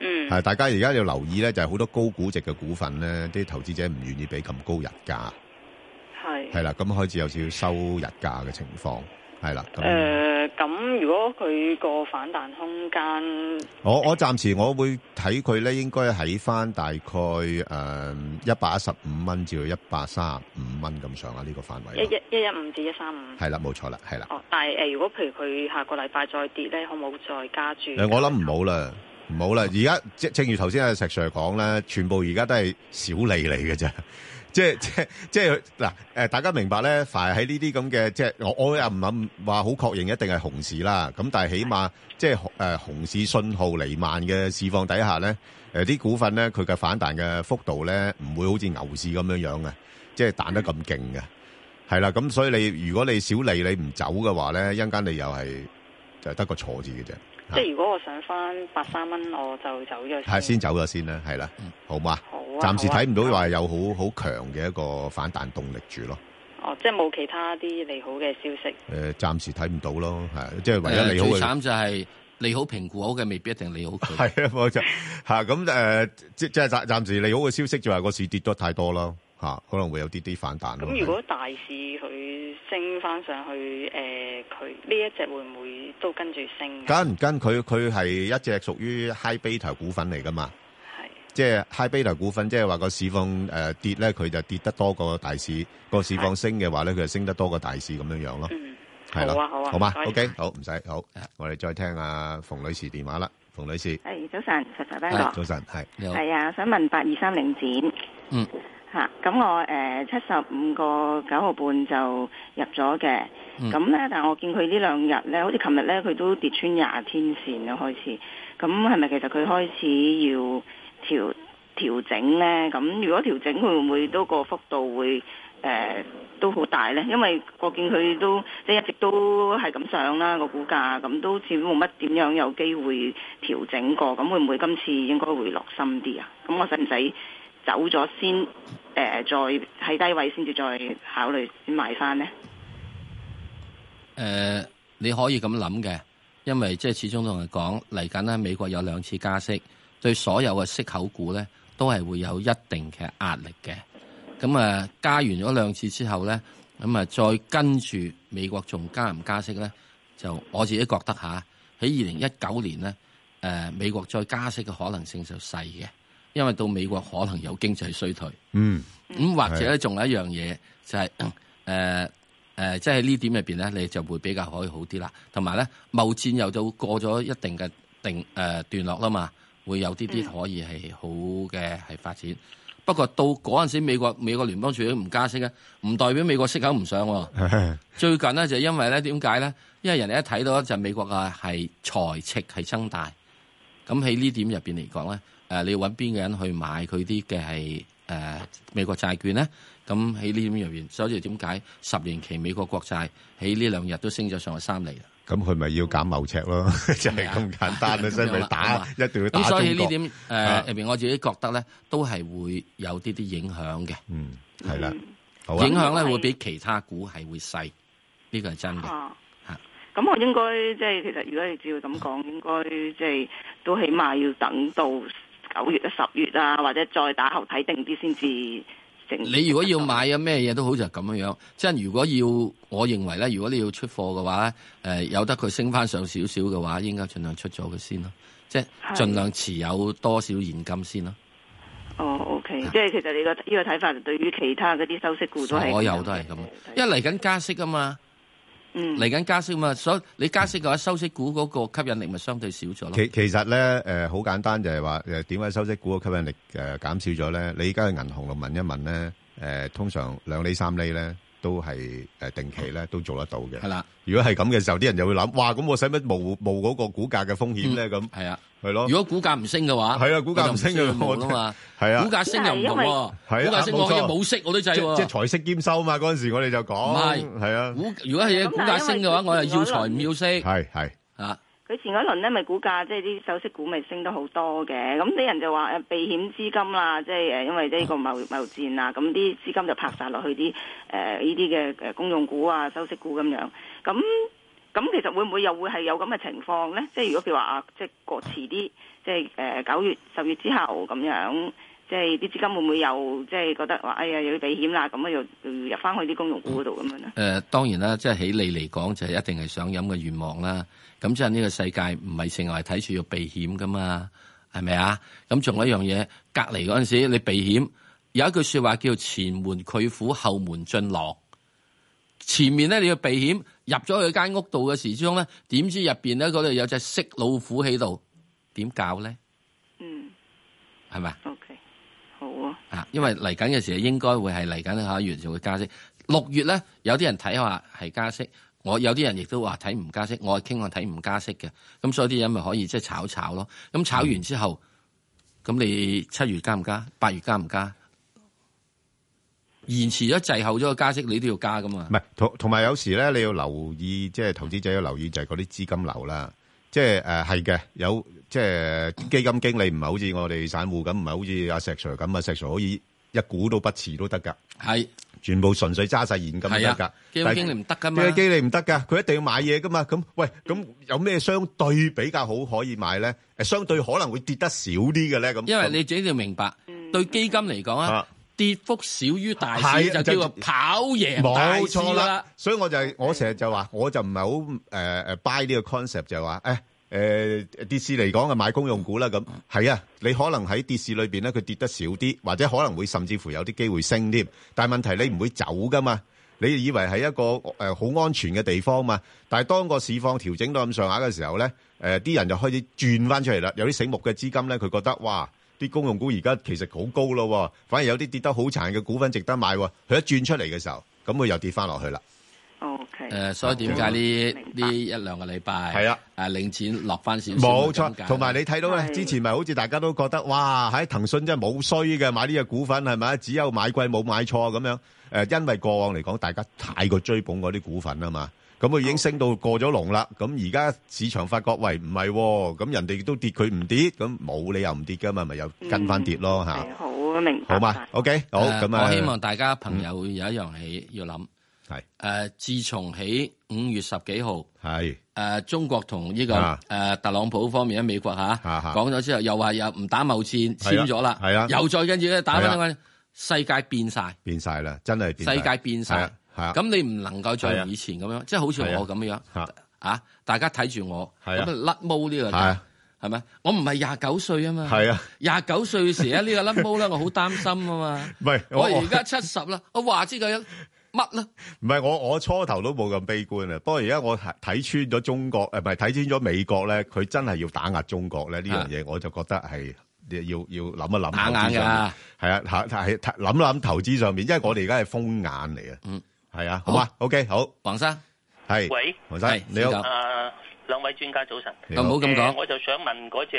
嗯，係大家而家要留意咧，就係、是、好多高估值嘅股份咧，啲投資者唔願意俾咁高日價，係係啦，咁、嗯、開始有少少收日價嘅情況，係啦，誒、嗯。呃如果佢個反彈空間，我我暫時我會睇佢咧，應該喺翻大概誒、呃這個、一百一十五蚊至到一百三十五蚊咁上下呢個範圍一一一一五至一三五係啦，冇錯啦，係啦。哦，但係誒、呃，如果譬如佢下個禮拜再跌咧，可唔可以再加注？誒，我諗唔好啦，唔好啦。而家正正如頭先阿石 Sir 講咧，全部現在是而家都係小利嚟嘅啫。即係即係即係嗱大家明白咧，凡係喺呢啲咁嘅即係，我我又唔諗話好確認一定係熊市啦。咁但係起碼即係紅、呃、熊市信號彌漫嘅市況底下咧，啲、呃、股份咧佢嘅反彈嘅幅度咧，唔會好似牛市咁樣樣嘅，即係彈得咁勁嘅。係啦，咁所以你如果你小利你唔走嘅話咧，一陣間你又係就得、係、個坐字嘅啫。即係如果我想翻八三蚊，我就走咗先，先。係先走咗先啦，係啦、嗯，好嘛吧？好啊。暫暫時睇唔、啊、到話有好好強嘅一個反彈動力住咯。哦，即係冇其他啲利好嘅消息。誒、呃，暫時睇唔到咯，係即係唯一利好。最慘就係利好評估好嘅未必一定利好佢。係啊，冇錯。吓咁誒，即係即係暫暫時利好嘅消息就係個市跌咗太多囉。吓，可能會有啲啲反彈。咁如果大市佢升翻上去，誒，佢呢一隻會唔會都跟住升？梗唔跟，佢佢係一隻屬於 high beta 股份嚟噶嘛。係。即係 high beta 股份，即係話個市況誒跌咧，佢就跌得多過大市；個市況升嘅話咧，佢就升得多過大市咁樣樣咯。嗯，係啦，好啊，好啊，好嘛，OK，好唔使好，我哋再聽阿馮女士電話啦。馮女士，誒，早晨，佛山彬哥，早晨，係。你好。係啊，想問八二三領展，嗯。咁、啊、我誒、呃、七十五個九毫半就入咗嘅，咁咧、嗯，但我見佢呢兩日咧，好似琴日咧佢都跌穿廿天線啦開始。咁係咪其實佢開始要調，調整咧？咁如果調整，佢會唔會都個幅度會誒、呃、都好大咧？因為我見佢都即係一直都係咁上啦個股價，咁都似乎冇乜點樣有機會調整過。咁會唔會今次應該會落深啲啊？咁我使唔使？走咗先，誒再喺低位先至再考慮先買翻呢、呃。你可以咁諗嘅，因為即係始終同佢講嚟緊咧，美國有兩次加息，對所有嘅息口股咧都係會有一定嘅壓力嘅。咁啊，加完咗兩次之後咧，咁啊再跟住美國仲加唔加息咧？就我自己覺得下喺二零一九年咧，誒、呃、美國再加息嘅可能性就細嘅。因為到美國可能有經濟衰退，嗯，咁、嗯嗯、或者咧仲有一樣嘢是的 就係誒誒，即係呢點入邊咧，你就會比較可以好啲啦。同埋咧，貿易戰又到過咗一定嘅定誒、呃、段落啦嘛，會有啲啲可以係好嘅係發展。嗯、不過到嗰陣時美，美國美國聯邦儲備唔加息嘅，唔代表美國息口唔上。嗯、最近呢，就係、因為咧點解咧？因為人哋一睇到就是美國嘅係財赤係增大，咁喺呢點入邊嚟講咧。誒、啊，你要揾邊個人去買佢啲嘅係誒美國債券咧？咁喺呢點入邊，所以點解十年期美國國債喺呢兩日都升咗上嚟三厘咁佢咪要減某尺咯？嗯、 [laughs] 就係咁簡單啦，即係打，一定、啊啊、要打。啊啊、所以呢點誒入邊，啊、面我自己覺得咧，都係會有啲啲影響嘅。嗯，係啦，嗯啊、影響咧會比其他股係會細，呢、這個係真嘅。嚇、啊，咁、啊、我應該即係、就是、其實，如果你照咁講，應該即、就、係、是、都起碼要等到。九月啊、十月啊，或者再打後睇定啲先至。你如果要買啊，咩嘢都好就咁樣樣。即係如果要，我認為咧，如果你要出貨嘅話，誒、呃、有得佢升翻上少少嘅話，應該儘量出咗佢先咯。即係儘量持有多少現金先咯。的哦，OK，即係其實你個呢個睇法就對於其他嗰啲收息股都係所有都係咁，一嚟緊加息啊嘛。嚟緊、嗯、加息嘛，所以你加息嘅話，收息股嗰個吸引力咪相對少咗咯。其其實咧，誒、呃、好簡單就係話，誒，點解收息股嘅吸引力誒、呃、減少咗咧？你而家去銀行度問一問咧，誒、呃、通常兩厘三厘咧。都係誒定期咧，都做得到嘅。係啦，如果係咁嘅時候，啲人就會諗，哇，咁我使乜冒冒嗰個股價嘅風險咧？咁係啊，係咯。如果股價唔升嘅話，係啊，股價唔升嘅唔好啊。係啊，股價升又唔同喎。係啊，冇錯。股價升我嘢冇息我都制喎。即係財息兼收嘛。嗰陣時我哋就講唔係，係啊。估如果係股價升嘅話，我又要財唔要息。係係啊。佢前嗰輪咧，咪股價即係啲收息股咪升得好多嘅？咁啲人就話避險資金啦，即係誒，因為呢個貿易貿易戰啊，咁啲資金就拍晒落去啲誒呢啲嘅誒公用股啊、收息股咁樣。咁咁其實會唔會又會係有咁嘅情況咧？即係如果譬如話啊，即係過遲啲，即係誒九月、十月之後咁樣，即係啲資金會唔會又即係覺得話哎呀又要避險啦？咁啊又入翻去啲公用股嗰度咁樣咧？誒、呃、當然啦，即係起你嚟講就係、是、一定係想飲嘅願望啦。咁即係呢個世界唔係成日睇住要避險噶嘛，係咪啊？咁仲有一樣嘢，隔離嗰陣時你避險，有一句說話叫前門拒虎，後門進狼。前面咧你要避險，入咗去間屋度嘅時之中咧，點知入邊咧嗰度有隻色老虎喺度，點搞咧？嗯，係咪？OK，好啊。啊，因為嚟緊嘅時候應該會係嚟緊下一月就會加息。六月咧，有啲人睇下係加息。我有啲人亦都話睇唔加息，我係傾向睇唔加息嘅，咁所以啲人咪可以即係炒炒咯。咁炒完之後，咁你七月加唔加？八月加唔加？延遲咗、滯後咗個加息，你都要加噶嘛？唔係同，同埋有時咧，你要留意，即係投資者要留意就係嗰啲資金流啦。即係誒，係嘅，有即係基金經理唔係好似我哋散戶咁，唔係好似阿石 Sir 咁啊，阿石 Sir 可以一股都不遲都得噶。係。全部純粹揸晒現金得㗎，基金經理唔得㗎嘛，基金經理唔得㗎，佢一定要買嘢㗎嘛。咁，喂，咁有咩相對比較好可以買咧？誒，相對可能會跌得少啲嘅咧。咁，因為你自己要明白，對基金嚟講啊，跌幅少於大市就叫做跑贏大市啦。冇錯，所以我就係，我成日就話，我就唔係好誒誒 buy 呢個 concept，就係話誒。誒、呃，跌市嚟講啊，買公用股啦，咁係啊，你可能喺跌市裏邊咧，佢跌得少啲，或者可能會甚至乎有啲機會升添。但係問題你唔會走噶嘛，你以為係一個誒好，呃、安全嘅地方嘛？但係當個市況調整到咁上下嘅時候咧，誒、呃，啲人就開始轉翻出嚟啦。有啲醒目嘅資金咧，佢覺得哇，啲公用股而家其實好高咯，反而有啲跌得好殘嘅股份值得買。佢一轉出嚟嘅時候，咁佢又跌翻落去啦。O K，誒，所以點解呢？呢一兩個禮拜係啊，誒，領錢落翻少少，冇錯。同埋你睇到嘅之前，咪好似大家都覺得，哇，喺騰訊真係冇衰嘅，買呢個股份係咪？只有買貴冇買錯咁樣。誒，因為過往嚟講，大家太過追捧嗰啲股份啦嘛。咁佢已經升到過咗龍啦。咁而家市場發覺，喂，唔係喎。咁人哋都跌，佢唔跌，咁冇理由唔跌㗎嘛。咪又跟翻跌咯，嚇。好明白。好嘛，O K，好咁啊。我希望大家朋友有一樣嘢要諗。係誒，自從喺五月十幾號係誒，中國同呢個誒特朗普方面咧，美國吓講咗之後，又話又唔打貿易戰簽咗啦，係啊，又再跟住咧打翻一棍，世界變晒，變晒啦，真係世界變晒，係啊，咁你唔能夠再以前咁樣，即係好似我咁樣吓，啊，大家睇住我，咁甩毛呢個人係咪？我唔係廿九歲啊嘛，係啊，廿九歲時咧呢個甩毛咧，我好擔心啊嘛，我而家七十啦，我話知佢。乜咧？唔係我，我初頭都冇咁悲觀啊。不過而家我係睇穿咗中國，誒唔係睇穿咗美國咧，佢真係要打壓中國咧呢樣嘢，我就覺得係要要諗一諗。眼眼㗎，係啊，係諗一諗投資上面，因為我哋而家係風眼嚟嘅。嗯，係啊，好嘛，OK，好，黃生係，喂，黃生你好。兩位專家早晨，唔好咁講、呃，我就想問嗰隻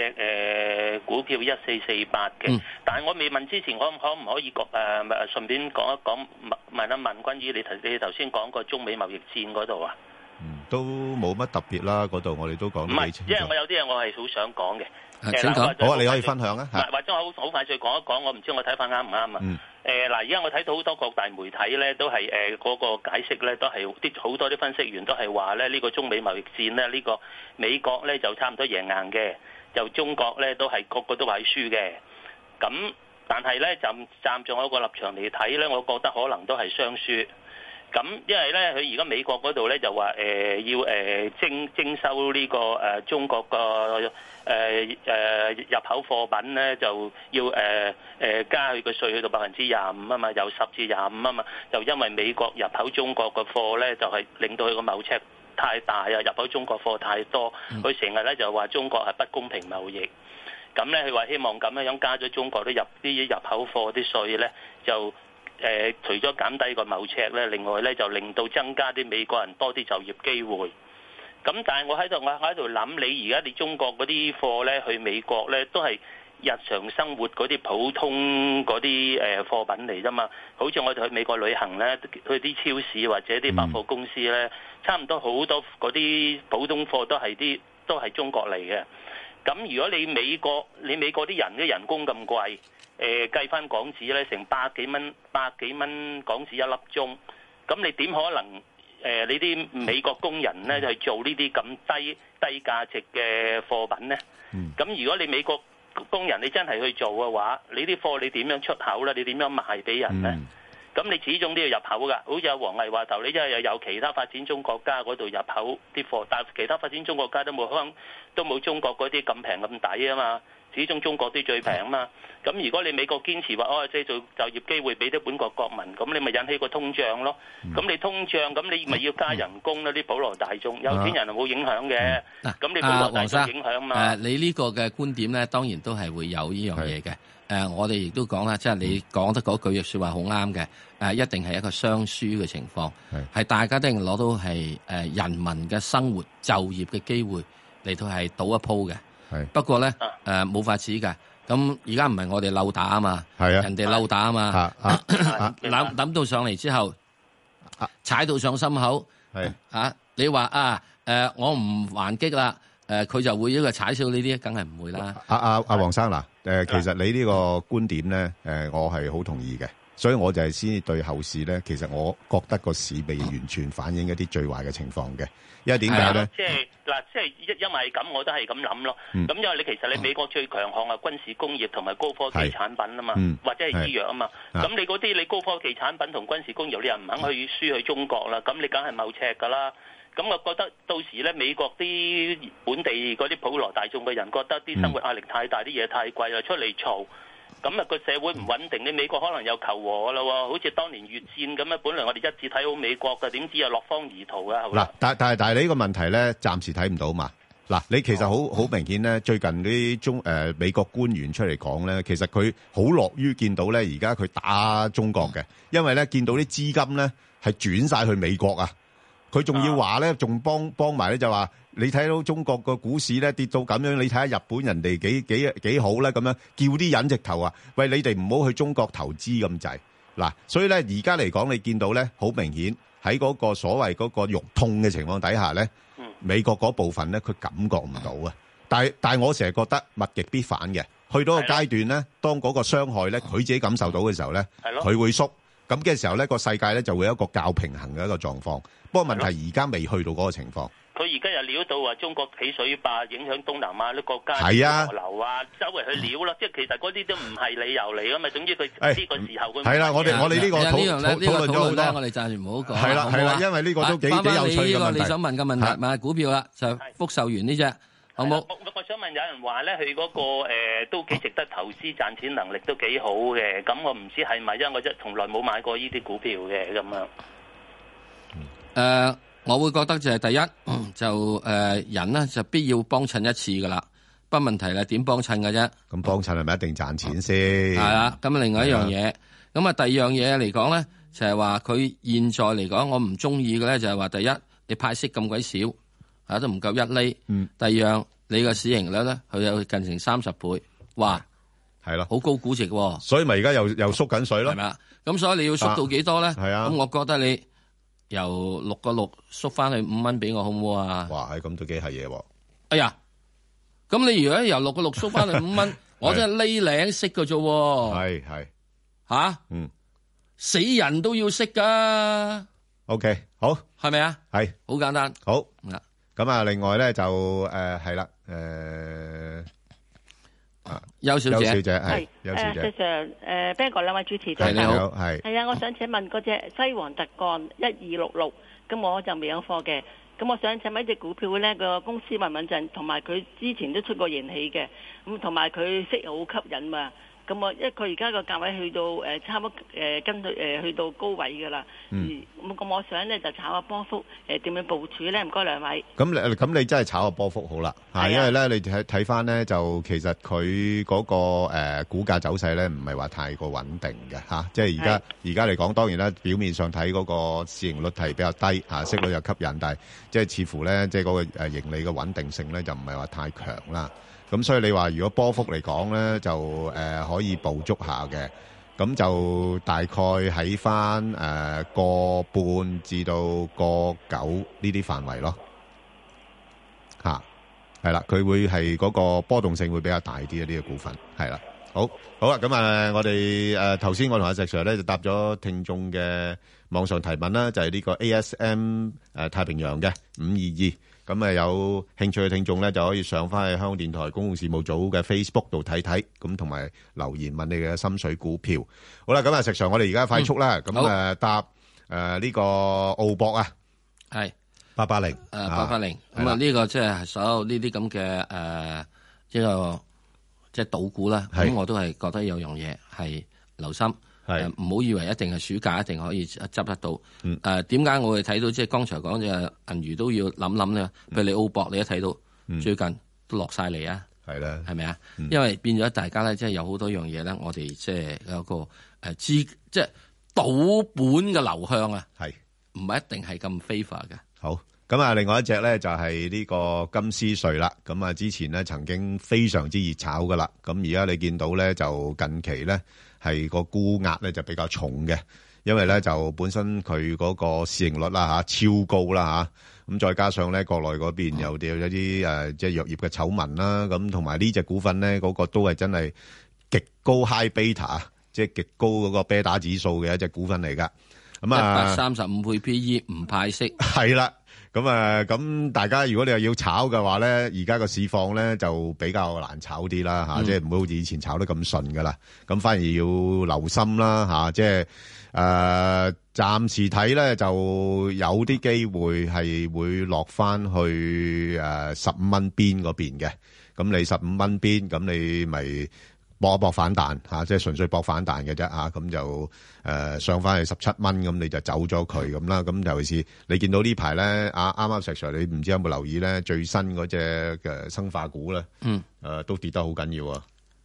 誒股票一四四八嘅，嗯、但係我未問之前，我可唔可以講誒、呃？順便講一講問，問一問關於，你提你頭先講過中美貿易戰嗰度啊？嗯、都冇乜特別啦，嗰度我哋都講唔係，即係、就是、我有啲嘢我係好想講嘅。呃、請講、呃啊，你可以分享咧、啊、吓。或者好好快再講一講，我唔知我睇法啱唔啱啊？誒嗱、嗯，而家、呃、我睇到好多各大媒體咧，都係誒嗰個解釋咧，都係啲好多啲分析員都係話咧，呢個中美貿易戰咧，呢個美國咧就差唔多贏硬嘅，就中國咧都係個個都話輸嘅。咁但係咧，就站在我一個立場嚟睇咧，我覺得可能都係雙輸。咁，因為咧，佢而家美國嗰度咧就話誒要誒徵徵收呢個誒中國個誒誒入口貨品咧，就要誒誒加佢個稅去到百分之廿五啊嘛，由十至廿五啊嘛，就因為美國入口中國個貨咧就係令到佢個貿赤太大啊，入口中國貨太多，佢成日咧就話中國係不公平貿易，咁咧佢話希望咁樣樣加咗中國啲入啲入口貨啲稅咧就。誒、呃，除咗減低個貿赤咧，另外咧就令到增加啲美國人多啲就業機會。咁但係我喺度，我喺度諗，你而家你中國嗰啲貨咧去美國咧，都係日常生活嗰啲普通嗰啲誒貨品嚟啫嘛。好似我哋去美國旅行咧，去啲超市或者啲百貨公司咧，嗯、差唔多好多嗰啲普通貨都係啲都係中國嚟嘅。咁如果你美國你美國啲人嘅人工咁貴？誒計翻港紙咧，成百幾蚊，百幾蚊港紙一粒鐘。咁你點可能誒你啲美國工人咧去做呢啲咁低低價值嘅貨品咧？咁如果你美國工人你真係去做嘅話，你啲貨你點樣出口咧？你點樣賣俾人咧？咁你始終都要入口㗎。好似阿黃毅話頭，你即係又由其他發展中國家嗰度入口啲貨，但其他發展中國家都冇可能，都冇中國嗰啲咁平咁抵啊嘛。始終中國都最平嘛，咁如果你美國堅持話，哦，即係做就業機會俾啲本國國民，咁你咪引起個通脹咯。咁你通脹，咁你咪要加人工咯，啲普羅大眾。有錢人係冇影響嘅，嗱，咁你普羅大眾影響嘛。誒，你呢個嘅觀點咧，當然都係會有呢樣嘢嘅。誒，我哋亦都講啦，即係你講得嗰句説話好啱嘅。誒，一定係一個雙輸嘅情況，係大家都要攞到係誒人民嘅生活就業嘅機會嚟到係賭一鋪嘅。係，是不過咧，誒、呃，冇法子嘅。咁而家唔係我哋漏打啊嘛，係啊，人哋漏打啊嘛，諗諗、啊啊啊、 [coughs] 到上嚟之後，踩、啊、到上心口，係是啊，你話啊，誒、呃，我唔還擊啦，誒、呃，佢就會一個踩少呢啲，梗係唔會啦。阿啊阿黃、啊、生嗱，誒、啊呃，其實你呢個觀點咧，誒、呃，我係好同意嘅。所以我就係先對後市咧，其實我覺得個市未完全反映一啲最壞嘅情況嘅，因為點解咧？即係嗱，即係因因為咁，我都係咁諗咯。咁、嗯、因為你其實你美國最強項係軍事工業同埋高科技產品啊嘛，是或者係醫藥啊嘛。咁的你嗰啲你高科技產品同軍事工業，你又唔肯去輸去中國啦。咁、嗯、你梗係貿赤噶啦。咁我覺得到時咧，美國啲本地嗰啲普羅大眾嘅人覺得啲生活壓力太大，啲嘢太貴啦，出嚟嘈。咁啊個社會唔穩定，你美國可能又求和噶喎。好似當年越戰咁本來我哋一致睇好美國㗎，點知又落荒而逃啊？係嗱，但係但係你呢個問題咧，暫時睇唔到嘛？嗱，你其實好好、哦、明顯咧，最近啲中誒、呃、美國官員出嚟講咧，其實佢好樂於見到咧，而家佢打中國嘅，因為咧見到啲資金咧係轉晒去美國啊！佢仲要話咧，仲幫幫埋咧就話，你睇到中國個股市咧跌到咁樣，你睇下日本人哋幾幾幾好咧咁樣，叫啲人直頭啊，喂，你哋唔好去中國投資咁滯嗱。所以咧而家嚟講，你見到咧好明顯喺嗰個所謂嗰個肉痛嘅情況底下咧，美國嗰部分咧佢感覺唔到啊。但係但係我成日覺得物極必反嘅，去到個階段咧，當嗰個傷害咧佢自己感受到嘅時候咧，佢會縮。咁嘅時候咧，個世界咧就會有一個較平衡嘅一個狀況。不過問題而家未去到嗰個情況。佢而家又料到話中國起水壩影響東南亞啲國家，係啊，河流啊，周圍去料啦。即係其實嗰啲都唔係理由嚟㗎嘛。總之佢呢個時候佢係啦。我哋我哋呢個討討論咗好多。我哋暫時唔好講。係啦係啦，因為呢個都幾幾有趣咁樣。翻返你呢個你想問嘅問題買股票啦，就福壽園呢隻。我我想問，有人話咧，佢嗰個誒都幾值得投資，賺錢能力都幾好嘅。咁我唔知係咪，因為我一從來冇買過呢啲股票嘅咁樣。誒，我會覺得就係第一就誒人咧就必要幫襯一次噶啦，不問題啦，點幫襯㗎啫。咁幫襯係咪一定賺錢先？係啊。咁啊，另外一樣嘢。咁啊，第二樣嘢嚟講咧，就係話佢現在嚟講，我唔中意嘅咧就係話第一，你派息咁鬼少。啊，都唔夠一厘。第二樣，你個市盈率咧，佢有近成三十倍，哇，係啦，好高估值喎。所以咪而家又又縮緊水咯。係咪啊？咁所以你要縮到幾多咧？係啊。咁我覺得你由六個六縮翻去五蚊俾我，好唔好啊？哇，係咁都幾係嘢喎。哎呀，咁你如果由六個六縮翻去五蚊，我真係呢領識嘅啫。係係吓，嗯，死人都要識噶。O K，好係咪啊？係好簡單。好。咁啊，另外咧就誒，係、呃、啦，誒、呃，啊邱小姐，呃、小姐係，誒是小姐誒，r 誒邊個兩位主持你是好，係是，係啊是，我想請問嗰、嗯、隻西王特鋼一二六六，咁我就未有貨嘅，咁我想請問一隻股票咧，個公司穩唔穩陣，同埋佢之前都出過盈喜嘅，咁同埋佢息好吸引嘛。咁因為佢而家個價位去到、呃、差唔多，呃、跟佢、呃、去到高位㗎啦。嗯。咁我想咧就炒下波幅點樣、呃、部署咧？唔該兩位。咁你咁你真係炒下波幅好啦，啊、因為咧你睇睇翻咧就其實佢嗰、嗰個、呃、股價走勢咧唔係話太過穩定嘅，即係而家而家嚟講，當然啦，表面上睇嗰個市盈率係比較低嚇、啊，息率又吸引，好但係即係似乎咧即係嗰個盈利嘅穩定性咧就唔係話太強啦。咁所以你話如果波幅嚟講咧，就誒可以捕捉下嘅，咁就大概喺翻誒個半至到個九呢啲範圍咯，嚇，係啦，佢會係嗰個波動性會比較大啲嘅呢個股份，係啦，好好啊，咁啊，我哋誒頭先我同阿石 Sir 咧就答咗聽眾嘅網上提問啦，就係呢個 ASM 誒太平洋嘅五二二。咁啊，有興趣嘅聽眾咧，就可以上翻去香港電台公共事務組嘅 Facebook 度睇睇，咁同埋留言問你嘅心水股票。好啦，咁啊，石祥，我哋而家快速啦，咁啊，搭誒呢個澳博啊，係八八零，誒八八零。咁啊，呢個即係所有呢啲咁嘅誒，呢個即係賭股啦。咁我都係覺得有樣嘢係留心。係唔好以為一定係暑假一定可以執得到。誒、嗯，點解、呃、我哋睇到即係剛才講嘅銀娛都要諗諗咧？譬、嗯、如你澳博你看，你一睇到最近都落晒嚟啊，係啦的，係咪啊？嗯、因為變咗大家咧，即係有好多樣嘢咧，我哋即係有一個誒資，即係賭本嘅流向啊，係唔係一定係咁非法嘅？好，咁啊，另外一隻咧就係呢個金斯瑞啦。咁啊，之前咧曾經非常之熱炒噶啦，咁而家你見到咧就近期咧。係個估壓咧就比較重嘅，因為咧就本身佢嗰個市盈率啦嚇，超高啦嚇，咁再加上咧國內嗰邊有啲有啲誒即係藥業嘅醜聞啦，咁同埋呢隻股份咧嗰個都係真係極高 high beta，即係極高嗰個 beta 指數嘅一隻股份嚟㗎，咁啊一百三十五倍 PE 唔派息，係啦。咁誒，咁大家如果你又要炒嘅話咧，而家個市況咧就比較難炒啲啦嚇、嗯、即係唔會好似以前炒得咁順噶啦。咁反而要留心啦嚇，即係誒、呃，暫時睇咧就有啲機會係會落翻去誒十五蚊邊嗰邊嘅。咁你十五蚊邊，咁你咪，搏一搏反彈嚇、啊，即係純粹搏反彈嘅啫吓，咁就誒、呃、上翻去十七蚊，咁你就走咗佢咁啦。咁尤其是你見到呢排咧，啊啱啱、啊啊、石 Sir，你唔知有冇留意咧，最新嗰隻嘅生化股咧，嗯、啊，都跌得好緊要啊！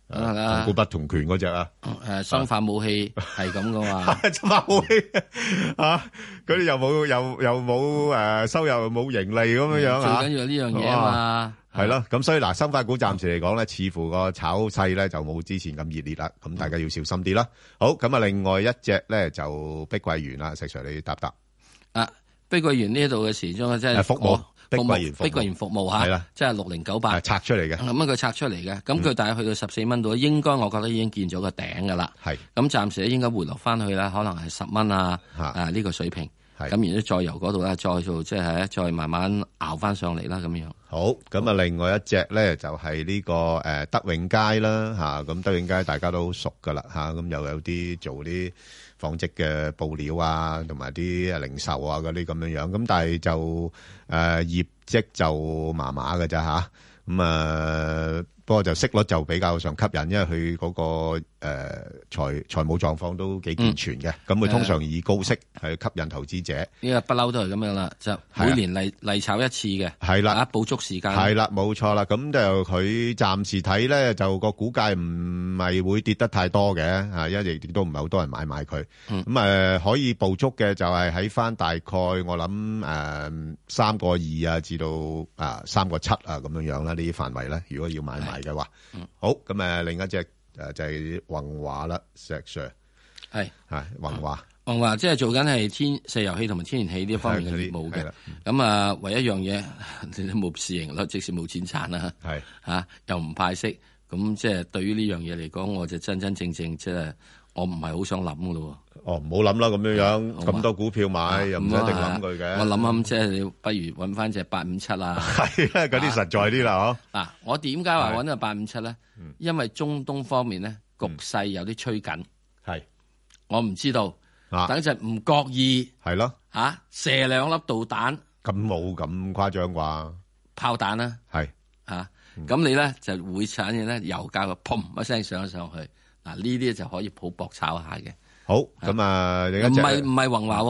啊！同股不同權嗰隻啊，誒，生化武器係咁嘅嘛？生化武器啊，佢哋又冇又又冇誒收入又冇盈利咁樣樣啊！最緊要呢樣嘢啊嘛，係咯。咁所以嗱，生化股暫時嚟講咧，似乎個炒勢咧就冇之前咁熱烈啦。咁大家要小心啲啦。好，咁啊，另外一隻咧就碧桂園啦，石 Sir 你答唔答？啊，碧桂園呢度嘅時鐘真係復活。碧桂園服務吓，係啦，是的即係六零九八拆出嚟嘅。咁啊，佢拆出嚟嘅，咁佢、嗯、大約去到十四蚊度，應該我覺得已經見咗個頂噶啦。係的，咁暫時咧應該回落翻去啦，可能係十蚊啊，的啊呢、這個水平。咁的然之後再由嗰度咧，再做即係、就是、再慢慢熬翻上嚟啦，咁樣。好，咁啊，另外一隻咧就係、是、呢、這個誒、呃、德永街啦，嚇、啊、咁德永街大家都熟噶啦，嚇、啊、咁又有啲做啲。紡織嘅布料啊，同埋啲啊零售啊嗰啲咁樣樣，咁但係就誒、呃、業績就麻麻噶啫吓，咁啊、嗯呃、不過就息率就比較上吸引，因為佢嗰、嗰個。誒財財務狀況都幾健全嘅，咁佢、嗯、通常以高息去吸引投資者。呢、嗯嗯嗯嗯、個不嬲都係咁樣啦，嗯、就每年嚟例、啊、炒一次嘅，係啦、啊，補足時間係啦，冇、啊啊、錯啦。咁就佢暫時睇咧，就個股價唔係會跌得太多嘅嚇，因為亦都唔係好多人買賣佢。咁誒、嗯嗯、可以補足嘅就係喺翻大概我諗誒三個二啊至到啊三個七啊咁樣樣啦，呢啲範圍咧，如果要買賣嘅話，啊嗯、好咁誒另一隻。誒，就係宏華啦，石 Sir 係吓是宏華華，宏華即係做緊係天石油氣同埋天然氣呢方面嘅業務嘅啦，咁啊，唯一樣嘢你都冇市盈咯，即使冇錢賺啦，係吓的、啊、又唔派息，咁即係對於呢樣嘢嚟講，我就真真正正即、就、係、是。我唔係好想諗噶咯，哦，唔好諗啦，咁樣樣，咁多股票買又唔使一定諗佢嘅。我諗諗，即係你不如搵翻隻八五七啦，係啦，嗰啲實在啲啦，嗬。嗱，我點解話搵個八五七咧？因為中東方面咧局勢有啲趨緊，係，我唔知道。啊，等陣唔覺意係咯，啊，射兩粒導彈，咁冇咁誇張啩？炮彈啦，係，啊，咁你咧就會產嘅咧，油價就砰一聲上咗上去。啊！呢啲就可以抱搏炒下嘅。好，咁啊，唔係唔係宏華，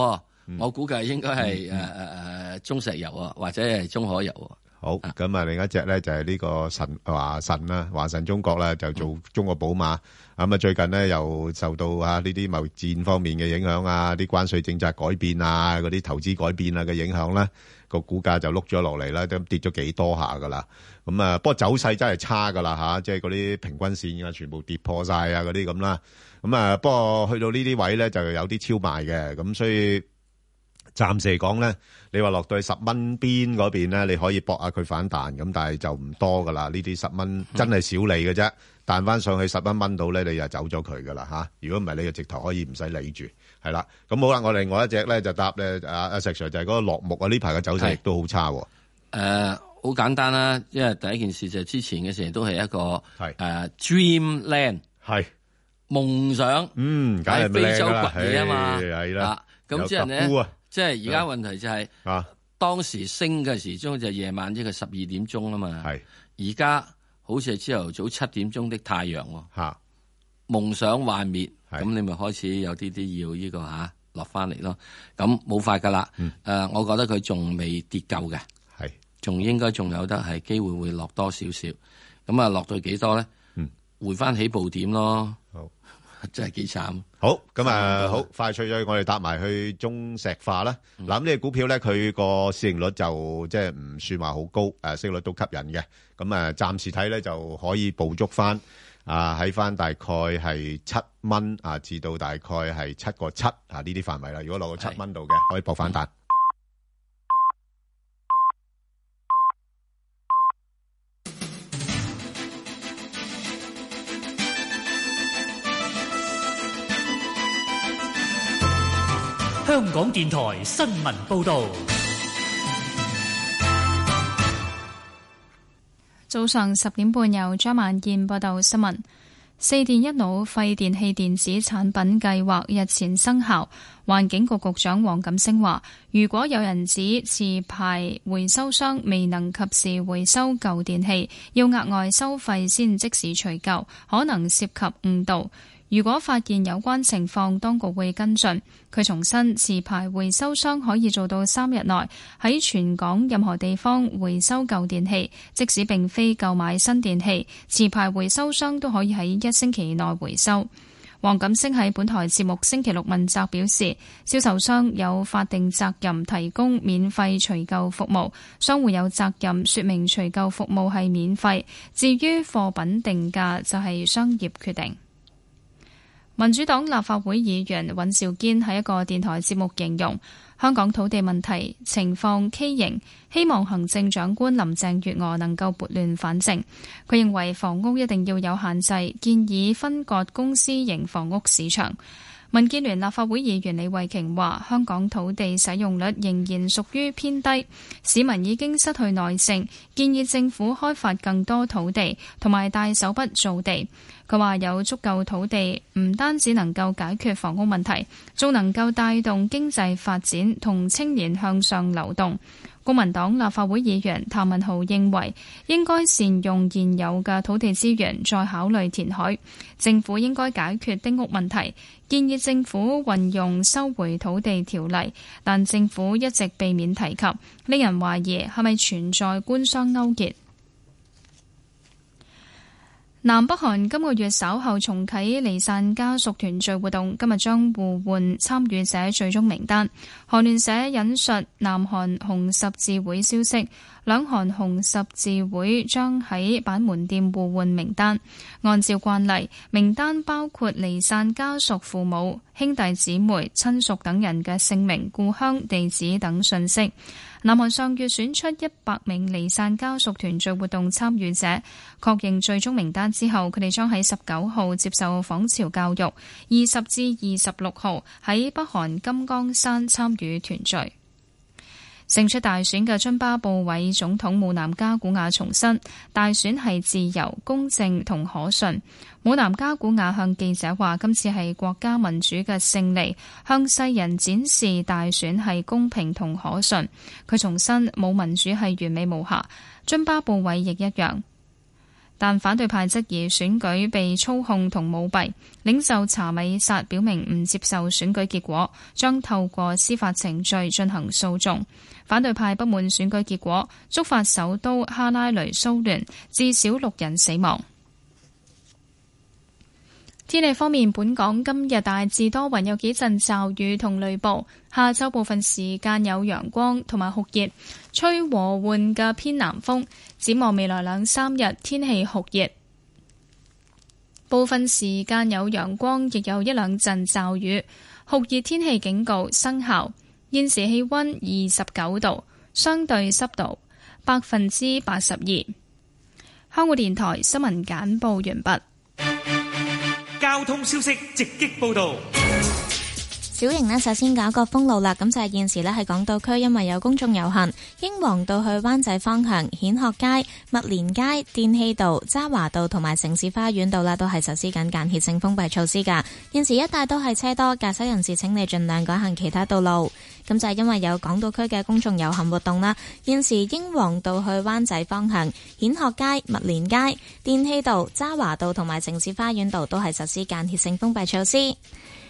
我估計應該係誒誒誒中石油啊，或者係中海油啊。好，咁啊，另一隻咧就係呢個神華神啦，華晨中國啦，就做中國寶馬。咁啊，最近咧又受到啊呢啲貿易戰方面嘅影響啊，啲關稅政策改變啊，嗰啲投資改變啊嘅影響啦，個股價就碌咗落嚟啦，咁跌咗幾多下噶啦。咁啊、嗯，不過走勢真係差㗎啦嚇，即係嗰啲平均線啊，全部跌破晒啊嗰啲咁啦。咁啊，不過去到呢啲位咧，就有啲超賣嘅，咁、啊、所以暫時嚟講咧，你話落到去十蚊邊嗰邊咧，你可以搏下佢反彈，咁但係就唔多㗎啦。呢啲十蚊真係少理㗎啫，嗯、彈翻上去十蚊蚊到咧，你就走咗佢㗎啦嚇。如果唔係，你就，了了、啊、你就直頭可以唔使理住，係啦。咁、啊、好啦，我另外一隻咧就搭咧阿阿石 Sir 就係嗰個落木啊，呢排嘅走勢亦都好差喎。哎呃好簡單啦，因為第一件事就係之前嘅時候都係一個係誒 dreamland 係夢想，嗯，梗係靚啦，係非洲崛起吖嘛，係啦，咁之後咧，即係而家問題就係，啊，當時升嘅時鐘就係夜晚即係十二點鐘啦嘛，係，而家好似係朝頭早七點鐘的太陽喎，吓，夢想幻滅，咁你咪開始有啲啲要呢個吓落翻嚟咯，咁冇法噶啦，誒，我覺得佢仲未跌夠嘅。仲應該仲有得係機會會落多少少，咁啊落到幾多咧？嗯，回翻起步點咯。好，真係幾慘。好，咁啊、嗯、好快脆咗，我哋搭埋去中石化啦。嗱、嗯、呢個股票咧，佢個市盈率就即係唔算話好高，誒息率都吸引嘅。咁啊，暫時睇咧就可以捕捉翻啊，喺翻大概係七蚊啊，至到大概係七個七啊呢啲範圍啦。如果落到七蚊度嘅，是可以博反彈。嗯香港電台新聞報道：早上十點半，由張萬燕報道新聞。四電一腦廢電器電子產品計劃日前生效，環境局局長黃錦星話：如果有人指持牌回收商未能及時回收舊電器，要額外收費先即時除舊，可能涉及誤導。如果發現有關情況，當局會跟進。佢重申，持牌回收商可以做到三日內喺全港任何地方回收舊電器，即使並非購買新電器，持牌回收商都可以喺一星期內回收。黃錦星喺本台節目星期六問責表示，銷售商有法定責任提供免費除舊服務，商戶有責任說明除舊服務係免費。至於貨品定價就係商業決定。民主黨立法會議員尹兆堅喺一個電台節目形容香港土地問題情況畸形，希望行政長官林鄭月娥能夠撥亂反正。佢認為房屋一定要有限制，建議分割公司型房屋市場。民建聯立法會議員李慧瓊話：香港土地使用率仍然屬於偏低，市民已經失去耐性，建議政府開發更多土地同埋大手筆造地。佢話有足夠土地，唔單止能夠解決房屋問題，仲能夠帶動經濟發展同青年向上流動。公民黨立法會議員譚文豪認為，應該善用現有嘅土地資源，再考慮填海。政府應該解決丁屋問題，建議政府運用收回土地條例，但政府一直避免提及，令人懷疑係咪存在官商勾結。南北韓今個月稍後重啟離散家屬團聚活動，今日將互換參與者最終名單。韓聯社引述南韓紅十字會消息，兩韓紅十字會將喺板門店互換名單。按照慣例，名單包括離散家屬父母、兄弟姊妹、親屬等人嘅姓名、故鄉、地址等信息。南韓上月選出一百名離散家屬團聚活動參與者，確認最終名單之後，佢哋將喺十九號接受訪朝教育，二十至二十六號喺北韓金剛山參與團聚。勝出大選嘅津巴布韋總統姆南加古瓦重申，大選係自由、公正同可信。姆南加古瓦向記者話：今次係國家民主嘅勝利，向世人展示大選係公平同可信。佢重申，冇民主係完美無瑕，津巴布韋亦一樣。但反對派質疑選舉被操控同舞弊，領袖查米薩表明唔接受選舉結果，將透過司法程序進行訴訟。反對派不滿選舉結果，觸發首都哈拉雷騷亂，至少六人死亡。天氣方面，本港今日大致多雲，有幾陣驟雨同雷暴。下晝部分時間有陽光同埋酷熱，吹和緩嘅偏南風。展望未來兩三日天氣酷熱，部分時間有陽光，亦有一兩陣驟雨。酷熱天氣警告生效。現時氣温二十九度，相對濕度百分之八十二。香港電台新聞簡報完畢。交通消息直擊報道。小型呢，首先搞一個封路啦。咁就係現時呢，係港島區，因為有公眾遊行，英皇道去灣仔方向、蜆殼街、麥連街、電氣道、渣華道同埋城市花園道啦，都係實施緊間歇性封閉措施噶。現時一帶都係車多，駕駛人士請你盡量改行其他道路。咁就係、是、因為有港島區嘅公眾遊行活動啦。現時英皇道去灣仔方向、蜆殼街、麥連街、電氣道、渣華道同埋城市花園道都係實施間歇性封閉措施。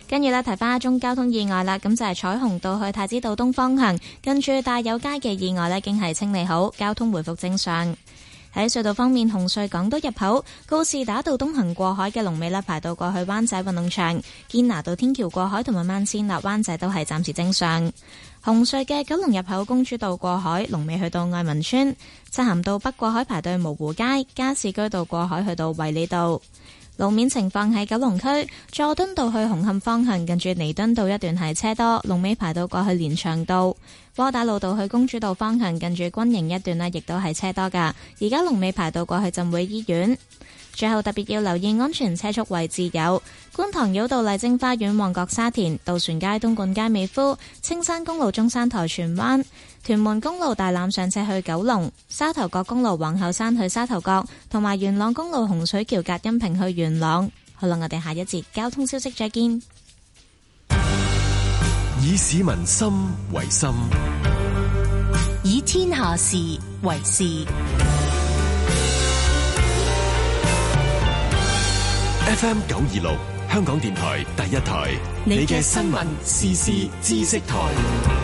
跟住呢，提返一宗交通意外啦，咁就係、是、彩虹道去太子道東方向近住大有街嘅意外呢，已經係清理好，交通回復正常。喺隧道方面，紅隧港島入口、告士打道東行過海嘅龍尾呢，排到過去灣仔運動場、堅拿道天橋過海同埋萬善立灣仔都係暫時正常。紅隧嘅九龍入口公主道過海龍尾去到愛民村，漆咸道北過海排到蕪湖街、加士居道過海去到衛理道。路面情況喺九龍區佐敦道去紅磡方向，近住彌敦道一段係車多，龍尾排到過去連翔道。窩打老道去公主道方向，近住軍營一段呢亦都係車多噶。而家龍尾排到過去浸會醫院。最後特別要留意安全車速位置有觀塘繞道麗晶花園、旺角沙田、渡船街、東莞街、美孚、青山公路、中山台灣、荃灣。屯門公路大欖上車去九龍，沙頭角公路往后山去沙頭角，同埋元朗公路洪水橋隔音屏去元朗。好啦，我哋下一節交通消息再見。以市民心為心，以天下事為事。F M 九二六香港電台第一台，你嘅新聞時事知識台。